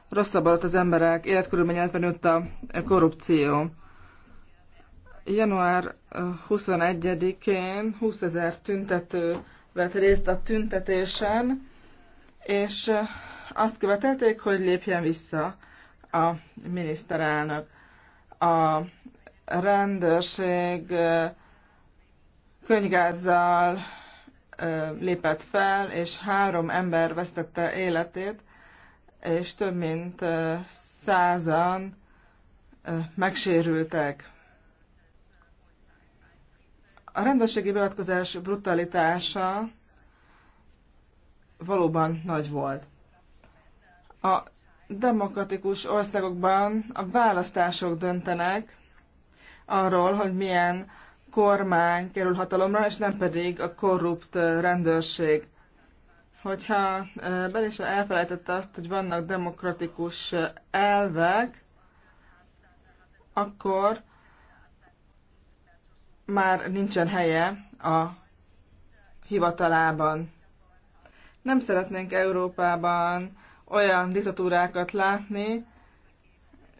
rosszabb alatt az emberek életkörülményet nőtt a korrupció. Január 21-én 20 ezer tüntető vett részt a tüntetésen, és azt követelték, hogy lépjen vissza a miniszterelnök. A rendőrség könygázzal lépett fel, és három ember vesztette életét, és több mint százan megsérültek. A rendőrségi beavatkozás brutalitása valóban nagy volt. A demokratikus országokban a választások döntenek arról, hogy milyen kormány kerül hatalomra, és nem pedig a korrupt rendőrség. Hogyha Belisha elfelejtette azt, hogy vannak demokratikus elvek, akkor már nincsen helye a hivatalában. Nem szeretnénk Európában olyan diktatúrákat látni,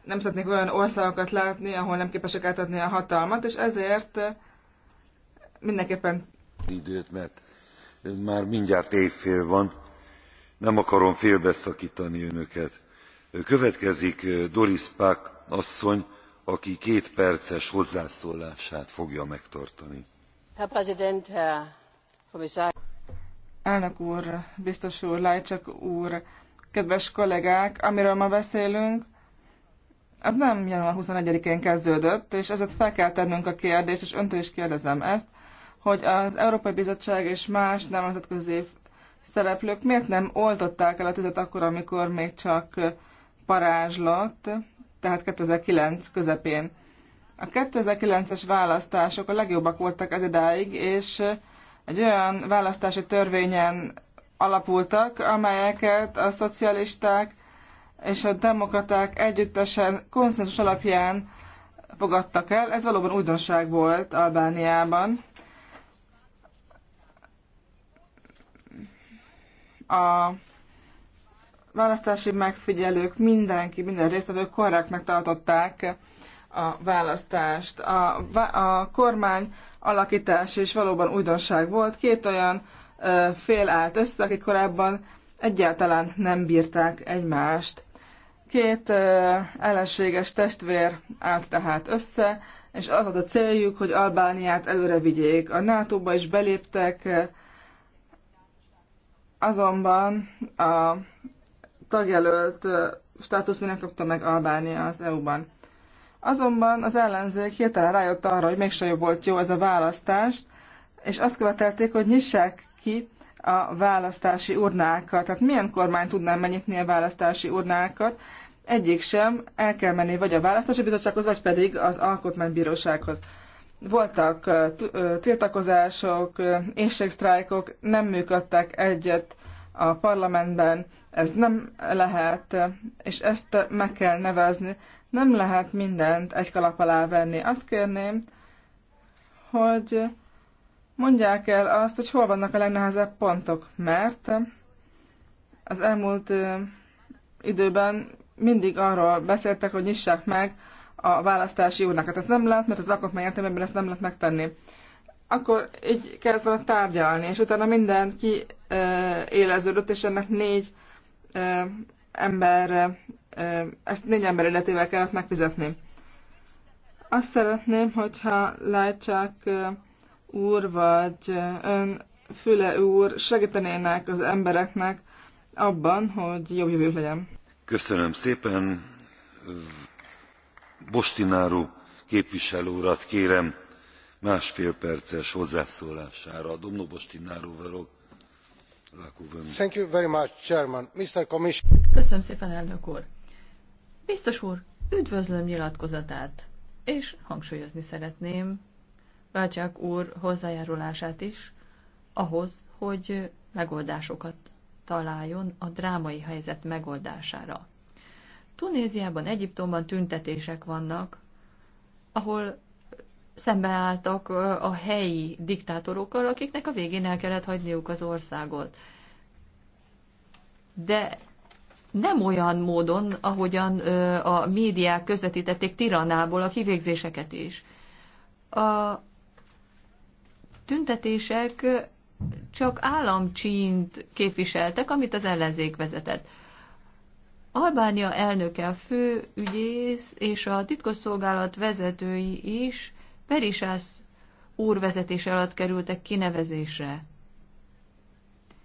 nem szeretnék olyan országokat látni, ahol nem képesek átadni a hatalmat, és ezért eh, mindenképpen... ...időt, mert már mindjárt évfél van, nem akarom félbeszakítani önöket. Következik eh, Doris Pák asszony, aki két perces hozzászólását fogja megtartani. Herr Präsident, Herr Kommissar! Elnök úr, biztos úr, Lajcsak úr, kedves kollégák, amiről ma beszélünk, ez nem január 21-én kezdődött, és ezért fel kell tennünk a kérdést, és öntől is kérdezem ezt, hogy az Európai Bizottság és más nemzetközi szereplők miért nem oltották el a tüzet akkor, amikor még csak parázslott, tehát 2009 közepén. A 2009-es választások a legjobbak voltak ez idáig, és egy olyan választási törvényen alapultak, amelyeket a szocialisták, és a demokraták együttesen konszenzus alapján fogadtak el. Ez valóban újdonság volt Albániában. A választási megfigyelők, mindenki, minden résztvevő korrektnek tartották a választást. A, a kormány alakítás is valóban újdonság volt. Két olyan ö, fél állt össze, akik korábban egyáltalán nem bírták egymást. Két ellenséges testvér állt tehát össze, és az volt a céljuk, hogy Albániát előre vigyék. A NATO-ba is beléptek, azonban a tagjelölt státusz nem kapta meg Albánia az EU-ban. Azonban az ellenzék hirtelen rájött arra, hogy mégsem jó volt jó ez a választást, és azt követelték, hogy nyissák ki a választási urnákat. Tehát milyen kormány tudná megnyitni a választási urnákat, egyik sem, el kell menni vagy a választási bizottsághoz, vagy pedig az alkotmánybírósághoz. Voltak tiltakozások, éjségsztrájkok, nem működtek egyet a parlamentben, ez nem lehet, és ezt meg kell nevezni. Nem lehet mindent egy kalap alá venni. Azt kérném, hogy mondják el azt, hogy hol vannak a legnehezebb pontok, mert az elmúlt időben mindig arról beszéltek, hogy nyissák meg a választási urnákat. Ez nem lehet, mert az alkotmány értelmében ezt nem lehet megtenni. Akkor így kellett volna tárgyalni, és utána minden éleződött, és ennek négy ember, ezt négy ember életével kellett megfizetni. Azt szeretném, hogyha Lajcsák úr vagy ön Füle úr segítenének az embereknek abban, hogy jobb jövő legyen. Köszönöm szépen. Bostináró képviselő urat kérem másfél perces hozzászólására. Domnul Bostináró veló. Thank you very much, Chairman. Mr. Commission. Köszönöm szépen, elnök úr. Biztos úr, üdvözlöm nyilatkozatát, és hangsúlyozni szeretném Válcsák úr hozzájárulását is ahhoz, hogy megoldásokat találjon a drámai helyzet megoldására. Tunéziában, Egyiptomban tüntetések vannak, ahol szembeálltak a helyi diktátorokkal, akiknek a végén el kellett hagyniuk az országot. De nem olyan módon, ahogyan a médiák közvetítették Tiranából a kivégzéseket is. A tüntetések csak államcsínt képviseltek, amit az ellenzék vezetett. Albánia elnöke, a fő ügyész és a titkosszolgálat vezetői is Perisász úr vezetése alatt kerültek kinevezésre.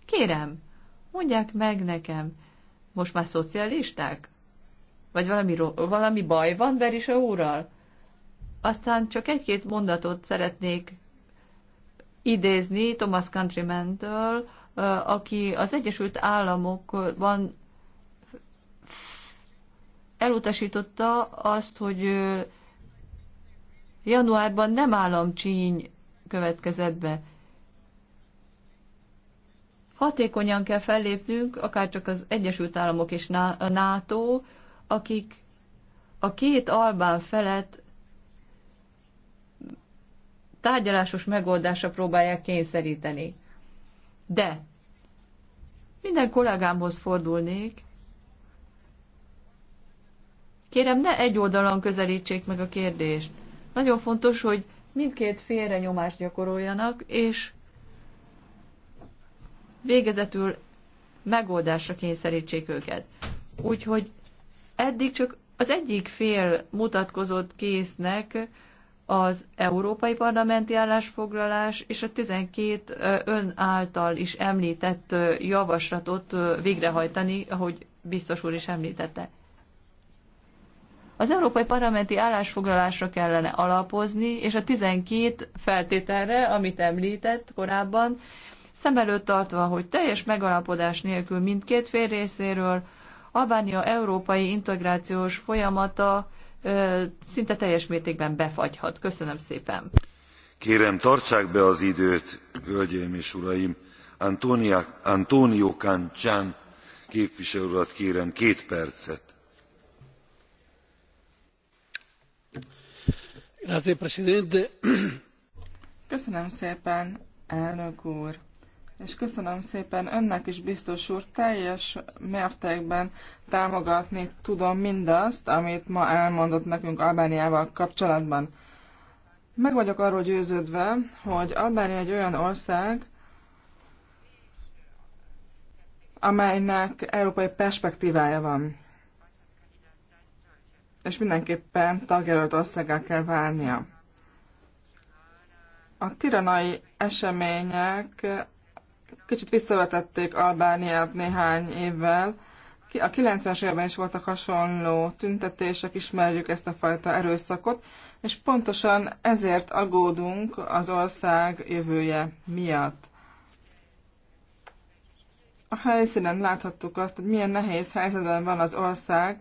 Kérem, mondják meg nekem, most már szocialisták? Vagy valami, valami baj van Berisa úrral? Aztán csak egy-két mondatot szeretnék idézni Thomas countryman aki az Egyesült Államokban elutasította azt, hogy januárban nem államcsíny következett be. Hatékonyan kell fellépnünk, csak az Egyesült Államok és a NATO, akik a két albán felett tárgyalásos megoldásra próbálják kényszeríteni. De minden kollégámhoz fordulnék, Kérem, ne egy oldalon közelítsék meg a kérdést. Nagyon fontos, hogy mindkét félre nyomást gyakoroljanak, és végezetül megoldásra kényszerítsék őket. Úgyhogy eddig csak az egyik fél mutatkozott késznek az Európai Parlamenti állásfoglalás és a 12 ön által is említett javaslatot végrehajtani, ahogy biztos úr is említette. Az Európai Parlamenti állásfoglalásra kellene alapozni, és a 12 feltételre, amit említett korábban, szem előtt tartva, hogy teljes megalapodás nélkül mindkét fél részéről Albánia európai integrációs folyamata szinte teljes mértékben befagyhat. Köszönöm szépen. Kérem, tartsák be az időt, hölgyeim és uraim. Antonia, Antonio Cancian képviselő urat kérem két percet. Köszönöm szépen, elnök úr és köszönöm szépen önnek is, biztos úr, teljes mértékben támogatni tudom mindazt, amit ma elmondott nekünk Albániával kapcsolatban. Meg vagyok arról győződve, hogy Albánia egy olyan ország, amelynek európai perspektívája van. És mindenképpen tagjelölt országá kell válnia. A tiranai események kicsit visszavetették Albániát néhány évvel. A 90-es évben is voltak hasonló tüntetések, ismerjük ezt a fajta erőszakot, és pontosan ezért aggódunk az ország jövője miatt. A helyszínen láthattuk azt, hogy milyen nehéz helyzetben van az ország.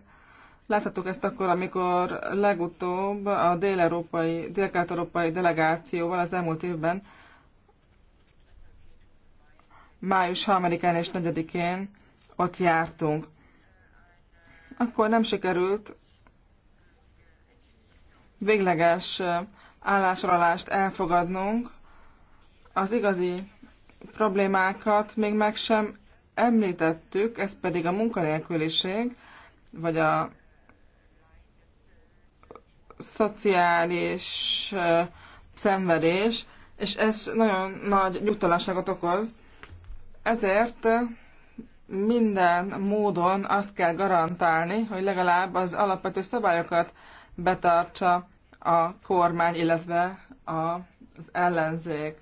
Láthattuk ezt akkor, amikor legutóbb a dél-európai, dél-kelet-európai delegációval az elmúlt évben május 3-án és 4-én ott jártunk. Akkor nem sikerült végleges állásralást elfogadnunk, az igazi problémákat még meg sem említettük, ez pedig a munkanélküliség, vagy a szociális szenvedés, és ez nagyon nagy nyugtalanságot okoz ezért minden módon azt kell garantálni, hogy legalább az alapvető szabályokat betartsa a kormány, illetve az ellenzék.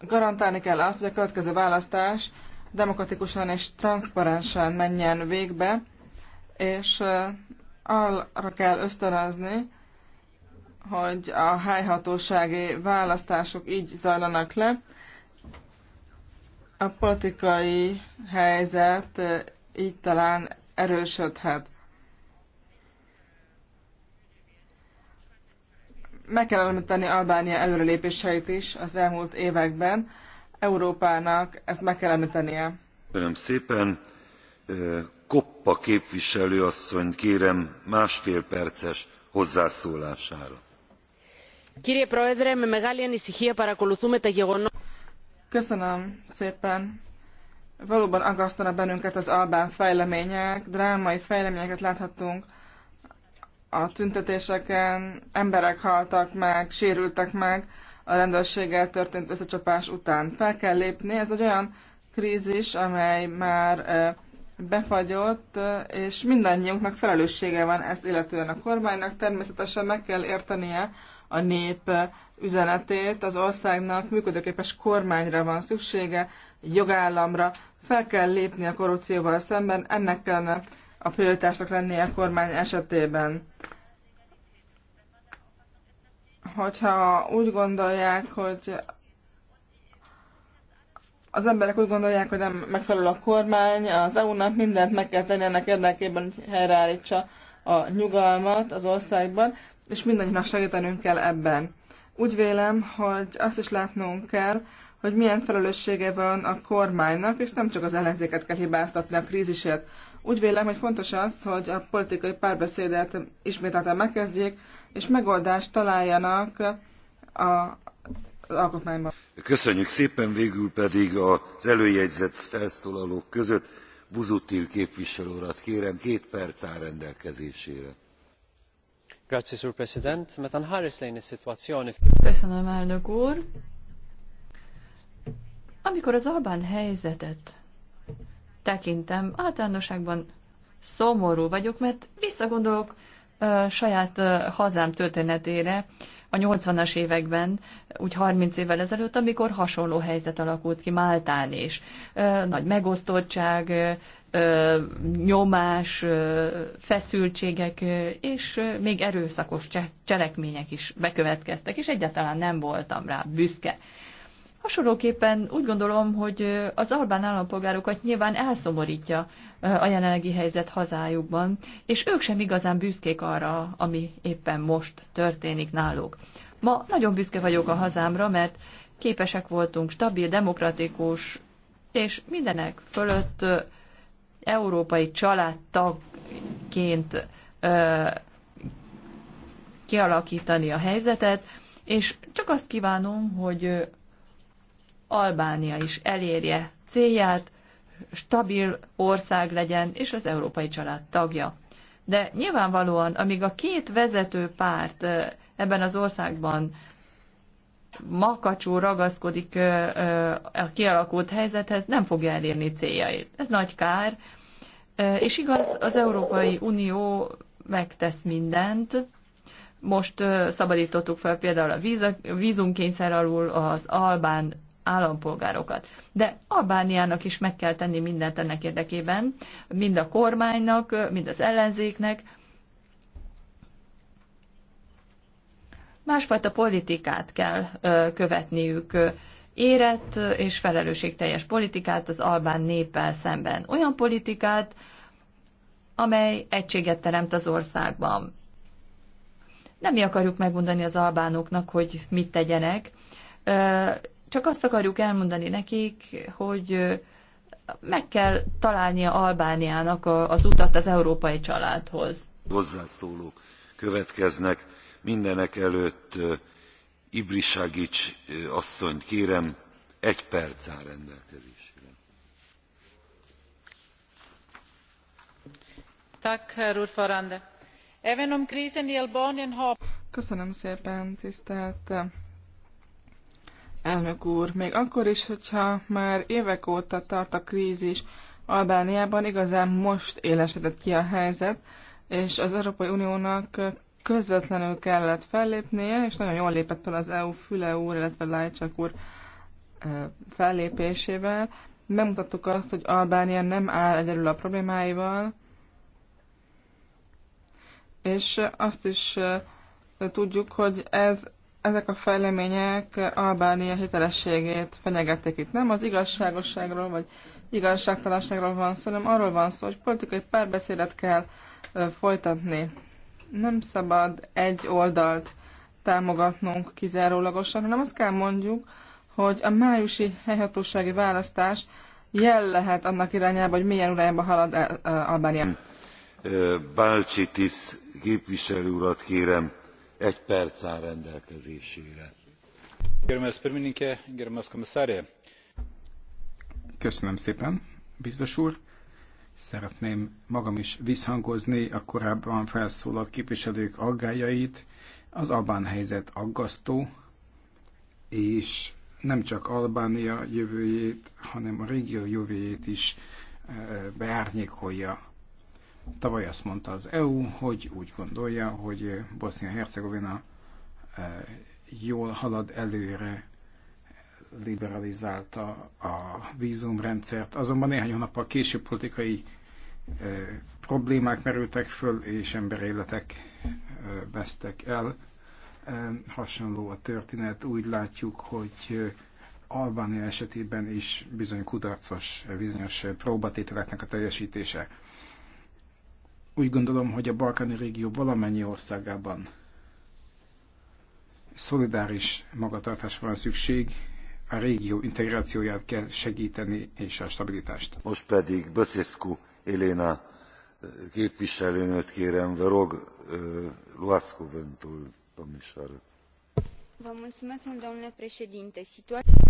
Garantálni kell azt, hogy a következő választás demokratikusan és transzparensen menjen végbe, és arra kell ösztönözni, hogy a helyhatósági választások így zajlanak le, a politikai helyzet így talán erősödhet. Meg kell említeni Albánia előrelépéseit is az elmúlt években. Európának ezt meg kell említenie. Köszönöm szépen. Koppa képviselő asszonyt kérem másfél perces hozzászólására. Κύριε Πρόεδρε, με μεγάλη ανησυχία παρακολουθούμε τα Köszönöm szépen. Valóban agasztana bennünket az albán fejlemények, drámai fejleményeket láthattunk a tüntetéseken, emberek haltak meg, sérültek meg a rendőrséggel történt összecsapás után. Fel kell lépni, ez egy olyan krízis, amely már befagyott, és mindannyiunknak felelőssége van ezt illetően a kormánynak. Természetesen meg kell értenie a nép üzenetét az országnak működőképes kormányra van szüksége, jogállamra, fel kell lépni a korrupcióval szemben, ennek kellene a prioritásnak lennie a kormány esetében. Hogyha úgy gondolják, hogy az emberek úgy gondolják, hogy nem megfelelő a kormány, az EU-nak mindent meg kell tenni ennek érdekében, hogy helyreállítsa a nyugalmat az országban, és mindannyian segítenünk kell ebben. Úgy vélem, hogy azt is látnunk kell, hogy milyen felelőssége van a kormánynak, és nem csak az ellenzéket kell hibáztatni a krízisért. Úgy vélem, hogy fontos az, hogy a politikai párbeszédet ismételten megkezdjék, és megoldást találjanak a, alkotmányban. Köszönjük szépen, végül pedig az előjegyzett felszólalók között Buzutil képviselőrat kérem két perc áll rendelkezésére. Köszönöm, elnök úr. Amikor az Albán helyzetet tekintem, általánosságban szomorú vagyok, mert visszagondolok saját hazám történetére a 80-as években, úgy 30 évvel ezelőtt, amikor hasonló helyzet alakult ki Máltán is. nagy megosztottság, nyomás, feszültségek és még erőszakos cselekmények is bekövetkeztek, és egyáltalán nem voltam rá büszke. Hasonlóképpen úgy gondolom, hogy az albán állampolgárokat nyilván elszomorítja a jelenlegi helyzet hazájukban, és ők sem igazán büszkék arra, ami éppen most történik náluk. Ma nagyon büszke vagyok a hazámra, mert képesek voltunk stabil, demokratikus és mindenek fölött európai családtagként kialakítani a helyzetet, és csak azt kívánom, hogy Albánia is elérje célját, stabil ország legyen, és az európai család tagja. De nyilvánvalóan, amíg a két vezető párt ebben az országban makacsú ragaszkodik a kialakult helyzethez, nem fogja elérni céljait. Ez nagy kár, és igaz, az Európai Unió megtesz mindent. Most szabadítottuk fel például a vízunkényszer alul az albán állampolgárokat. De Albániának is meg kell tenni mindent ennek érdekében, mind a kormánynak, mind az ellenzéknek. Másfajta politikát kell követniük érett és felelősségteljes politikát az albán néppel szemben. Olyan politikát, amely egységet teremt az országban. Nem mi akarjuk megmondani az albánoknak, hogy mit tegyenek, csak azt akarjuk elmondani nekik, hogy meg kell találnia Albániának az utat az európai családhoz. Hozzászólók következnek mindenek előtt Ibrisagics asszonyt kérem, egy perc áll rendelkezésére. Köszönöm szépen, tisztelt elnök úr. Még akkor is, hogyha már évek óta tart a krízis, Albániában igazán most élesedett ki a helyzet, és az Európai Uniónak közvetlenül kellett fellépnie, és nagyon jól lépett fel az EU Füle úr, illetve Lajcsak úr fellépésével. Megmutattuk azt, hogy Albánia nem áll egyedül a problémáival, és azt is tudjuk, hogy ez, ezek a fejlemények Albánia hitelességét fenyegették itt. Nem az igazságosságról vagy igazságtalanságról van szó, hanem arról van szó, hogy politikai párbeszédet kell folytatni nem szabad egy oldalt támogatnunk kizárólagosan, hanem azt kell mondjuk, hogy a májusi helyhatósági választás jel lehet annak irányába, hogy milyen irányba halad Albánia. Balcsitis képviselő urat kérem egy perc áll rendelkezésére. Köszönöm szépen, biztos úr. Szeretném magam is visszhangozni a korábban felszólalt képviselők aggájait. Az Albán helyzet aggasztó, és nem csak Albánia jövőjét, hanem a régió jövőjét is eh, beárnyékolja. Tavaly azt mondta az EU, hogy úgy gondolja, hogy Bosznia-Hercegovina eh, jól halad előre liberalizálta a vízumrendszert, azonban néhány hónappal később politikai eh, problémák merültek föl, és emberéletek eh, vesztek el. Eh, hasonló a történet, úgy látjuk, hogy Albánia esetében is bizony kudarcos bizonyos próbatételeknek a teljesítése. Úgy gondolom, hogy a balkáni régió valamennyi országában szolidáris magatartásra van szükség, a régió integrációját kell segíteni és a stabilitást. Most pedig Böszeszku Eléna képviselőnőt kérem, Verog a komissára.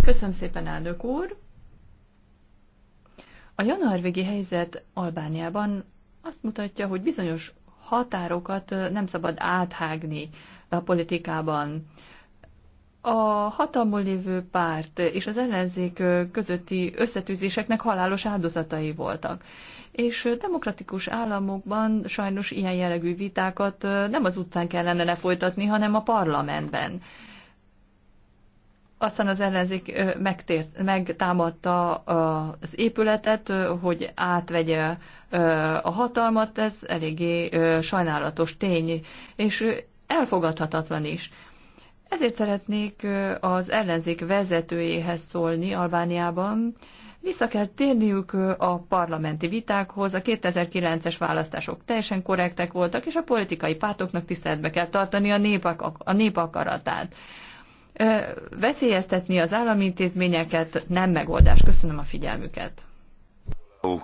Köszönöm szépen, elnök úr! A januárvégi helyzet Albániában azt mutatja, hogy bizonyos határokat nem szabad áthágni a politikában a hatalmon lévő párt és az ellenzék közötti összetűzéseknek halálos áldozatai voltak. És demokratikus államokban sajnos ilyen jellegű vitákat nem az utcán kellene folytatni, hanem a parlamentben. Aztán az ellenzék megtért, megtámadta az épületet, hogy átvegye a hatalmat, ez eléggé sajnálatos tény, és elfogadhatatlan is. Ezért szeretnék az ellenzék vezetőjéhez szólni Albániában. Vissza kell térniük a parlamenti vitákhoz, a 2009-es választások teljesen korrektek voltak, és a politikai pártoknak tiszteletbe kell tartani a, nép, a akaratát. Veszélyeztetni az állami intézményeket nem megoldás. Köszönöm a figyelmüket.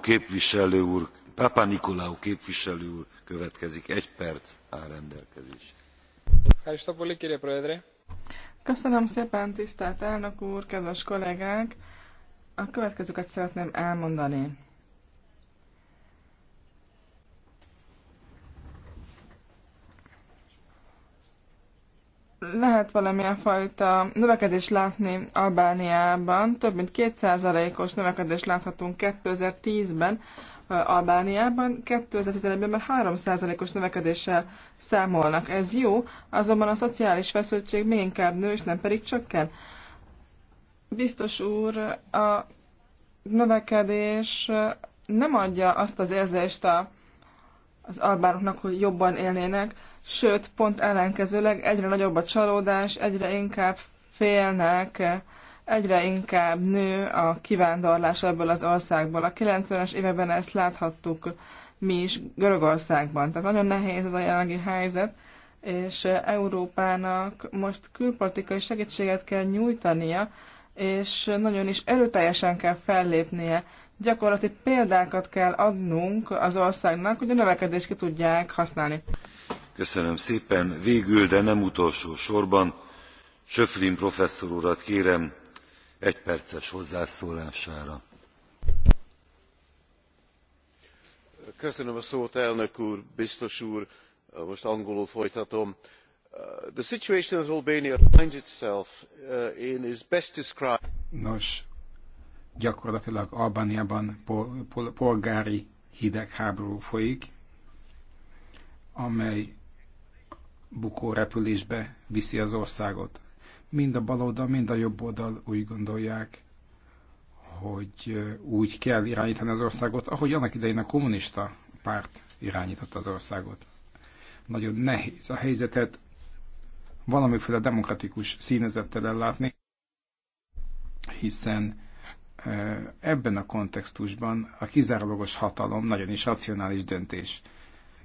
Képviselő úr, Papa Nikolau képviselő úr következik. Egy perc áll rendelkezésre. Köszönöm szépen, tisztelt elnök úr, kedves kollégák! A következőket szeretném elmondani. Lehet valamilyen fajta növekedés látni Albániában, több mint 2%-os növekedés láthatunk 2010-ben, Albániában 2011-ben már 3%-os növekedéssel számolnak. Ez jó, azonban a szociális feszültség még inkább nő, és nem pedig csökken. Biztos úr, a növekedés nem adja azt az érzést a, az albánoknak, hogy jobban élnének, sőt, pont ellenkezőleg egyre nagyobb a csalódás, egyre inkább félnek egyre inkább nő a kivándorlás ebből az országból. A 90-es években ezt láthattuk mi is Görögországban. Tehát nagyon nehéz ez a jelenlegi helyzet, és Európának most külpolitikai segítséget kell nyújtania, és nagyon is erőteljesen kell fellépnie. Gyakorlati példákat kell adnunk az országnak, hogy a növekedést ki tudják használni. Köszönöm szépen. Végül, de nem utolsó sorban, Söflin professzor urat kérem, egyperces hozzászólására. Szót, elnök úr biztos úr most angolul folytatom. Uh, the situation in albania finds itself uh, in is best described. nos gyakorlatilag albániában polgári hidegháború folyik amely bukó repülésbe viszi az országot mind a baloldal, mind a jobb oldal úgy gondolják, hogy uh, úgy kell irányítani az országot, ahogy annak idején a kommunista párt irányította az országot. Nagyon nehéz a helyzetet valamiféle demokratikus színezettel ellátni, hiszen uh, ebben a kontextusban a kizárólagos hatalom nagyon is racionális döntés.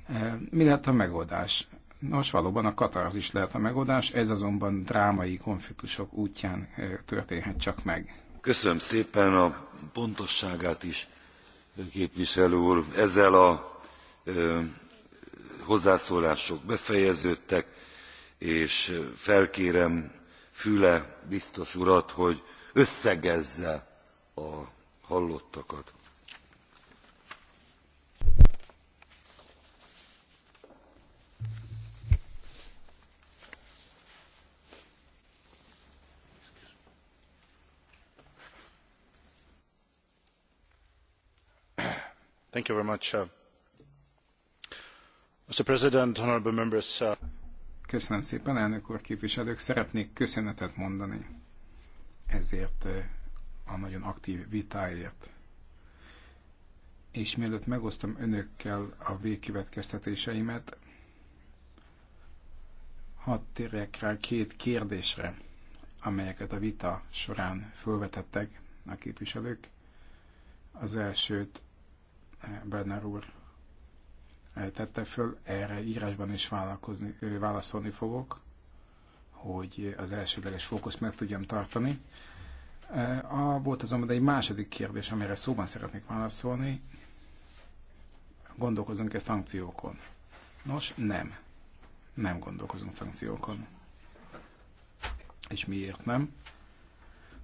Uh, mi lehet a megoldás? Nos, valóban a katarzis lehet a megoldás, ez azonban drámai konfliktusok útján történhet csak meg. Köszönöm szépen a pontosságát is, képviselő úr. Ezzel a ö, hozzászólások befejeződtek, és felkérem Füle biztos urat, hogy összegezze a hallottakat. Uh, uh, köszönöm szépen elnök úr képviselők szeretnék köszönetet mondani ezért uh, a nagyon aktív vitáért és mielőtt megosztom önökkel a végkövetkeztetéseimet hadd térjek rá két kérdésre amelyeket a vita során felvetettek a képviselők az elsőt Bernard úr eh, tette föl, erre írásban is eh, válaszolni fogok, hogy az elsődleges fókuszt meg tudjam tartani. Eh, a, volt azonban egy második kérdés, amire szóban szeretnék válaszolni. Gondolkozunk-e szankciókon? Nos, nem. Nem gondolkozunk szankciókon. És miért nem?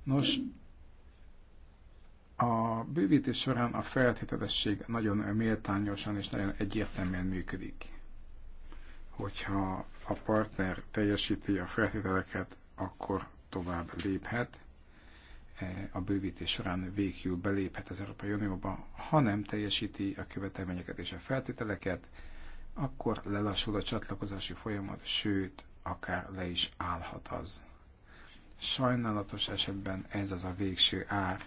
Nos, a bővítés során a feltételesség nagyon méltányosan és nagyon egyértelműen működik. Hogyha a partner teljesíti a feltételeket, akkor tovább léphet, e, a bővítés során végül beléphet az Európai Unióba, ha nem teljesíti a követelményeket és a feltételeket, akkor lelassul a csatlakozási folyamat, sőt, akár le is állhat az. Sajnálatos esetben ez az a végső ár,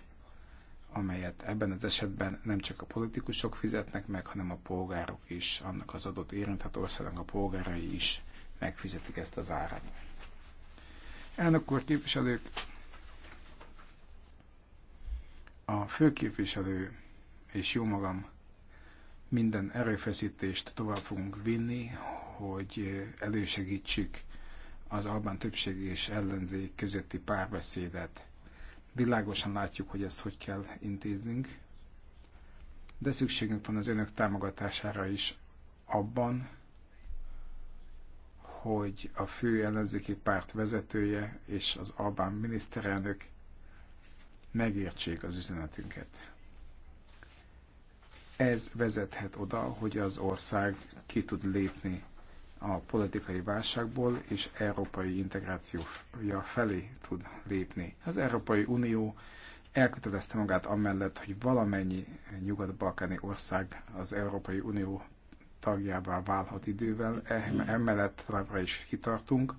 amelyet ebben az esetben nem csak a politikusok fizetnek meg, hanem a polgárok is, annak az adott érintett országnak a polgárai is megfizetik ezt az árat. Elnök úr, képviselők, a főképviselő és jó magam minden erőfeszítést tovább fogunk vinni, hogy elősegítsük az albán többség és ellenzék közötti párbeszédet Világosan látjuk, hogy ezt hogy kell intéznünk, de szükségünk van az önök támogatására is abban, hogy a fő ellenzéki párt vezetője és az Albán miniszterelnök megértsék az üzenetünket. Ez vezethet oda, hogy az ország ki tud lépni a politikai válságból és európai integrációja felé tud lépni. Az Európai Unió elkötelezte magát amellett, hogy valamennyi nyugat-balkáni ország az Európai Unió tagjává válhat idővel, emellett továbbra is kitartunk,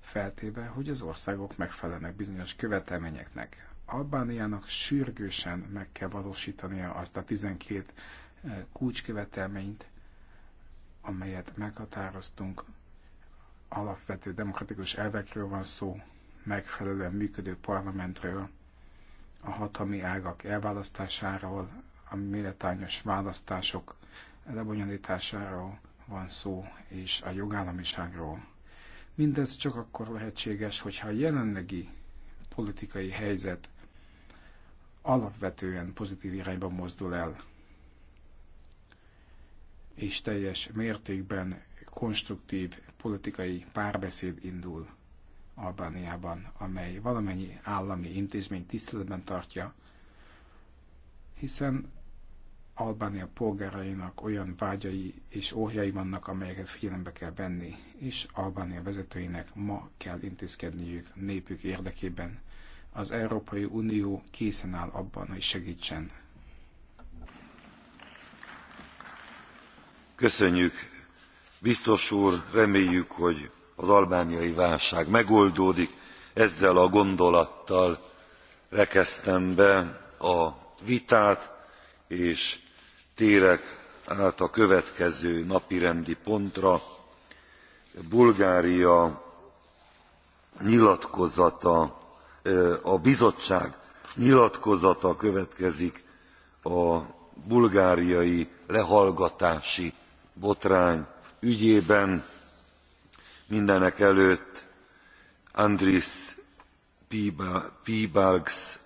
feltéve, hogy az országok megfelelnek bizonyos követelményeknek. Albániának sürgősen meg kell valósítania azt a 12 eh, kulcskövetelményt, amelyet meghatároztunk, alapvető demokratikus elvekről van szó, megfelelően működő parlamentről, a hatalmi ágak elválasztásáról, a méltányos választások lebonyolításáról van szó, és a jogállamiságról. Mindez csak akkor lehetséges, hogyha a jelenlegi politikai helyzet alapvetően pozitív irányba mozdul el és teljes mértékben konstruktív politikai párbeszéd indul Albániában, amely valamennyi állami intézmény tiszteletben tartja, hiszen Albánia polgárainak olyan vágyai és óhjai vannak, amelyeket figyelembe kell venni, és Albánia vezetőinek ma kell intézkedniük népük érdekében. Az Európai Unió készen áll abban, hogy segítsen köszönjük biztos úr reméljük hogy az albániai válság megoldódik ezzel a gondolattal rekeztem be a vitát és térek át a következő napirendi pontra bulgária nyilatkozata a bizottság nyilatkozata következik a bulgáriai lehallgatási botrány ügyében mindenekelőtt andris piebalgs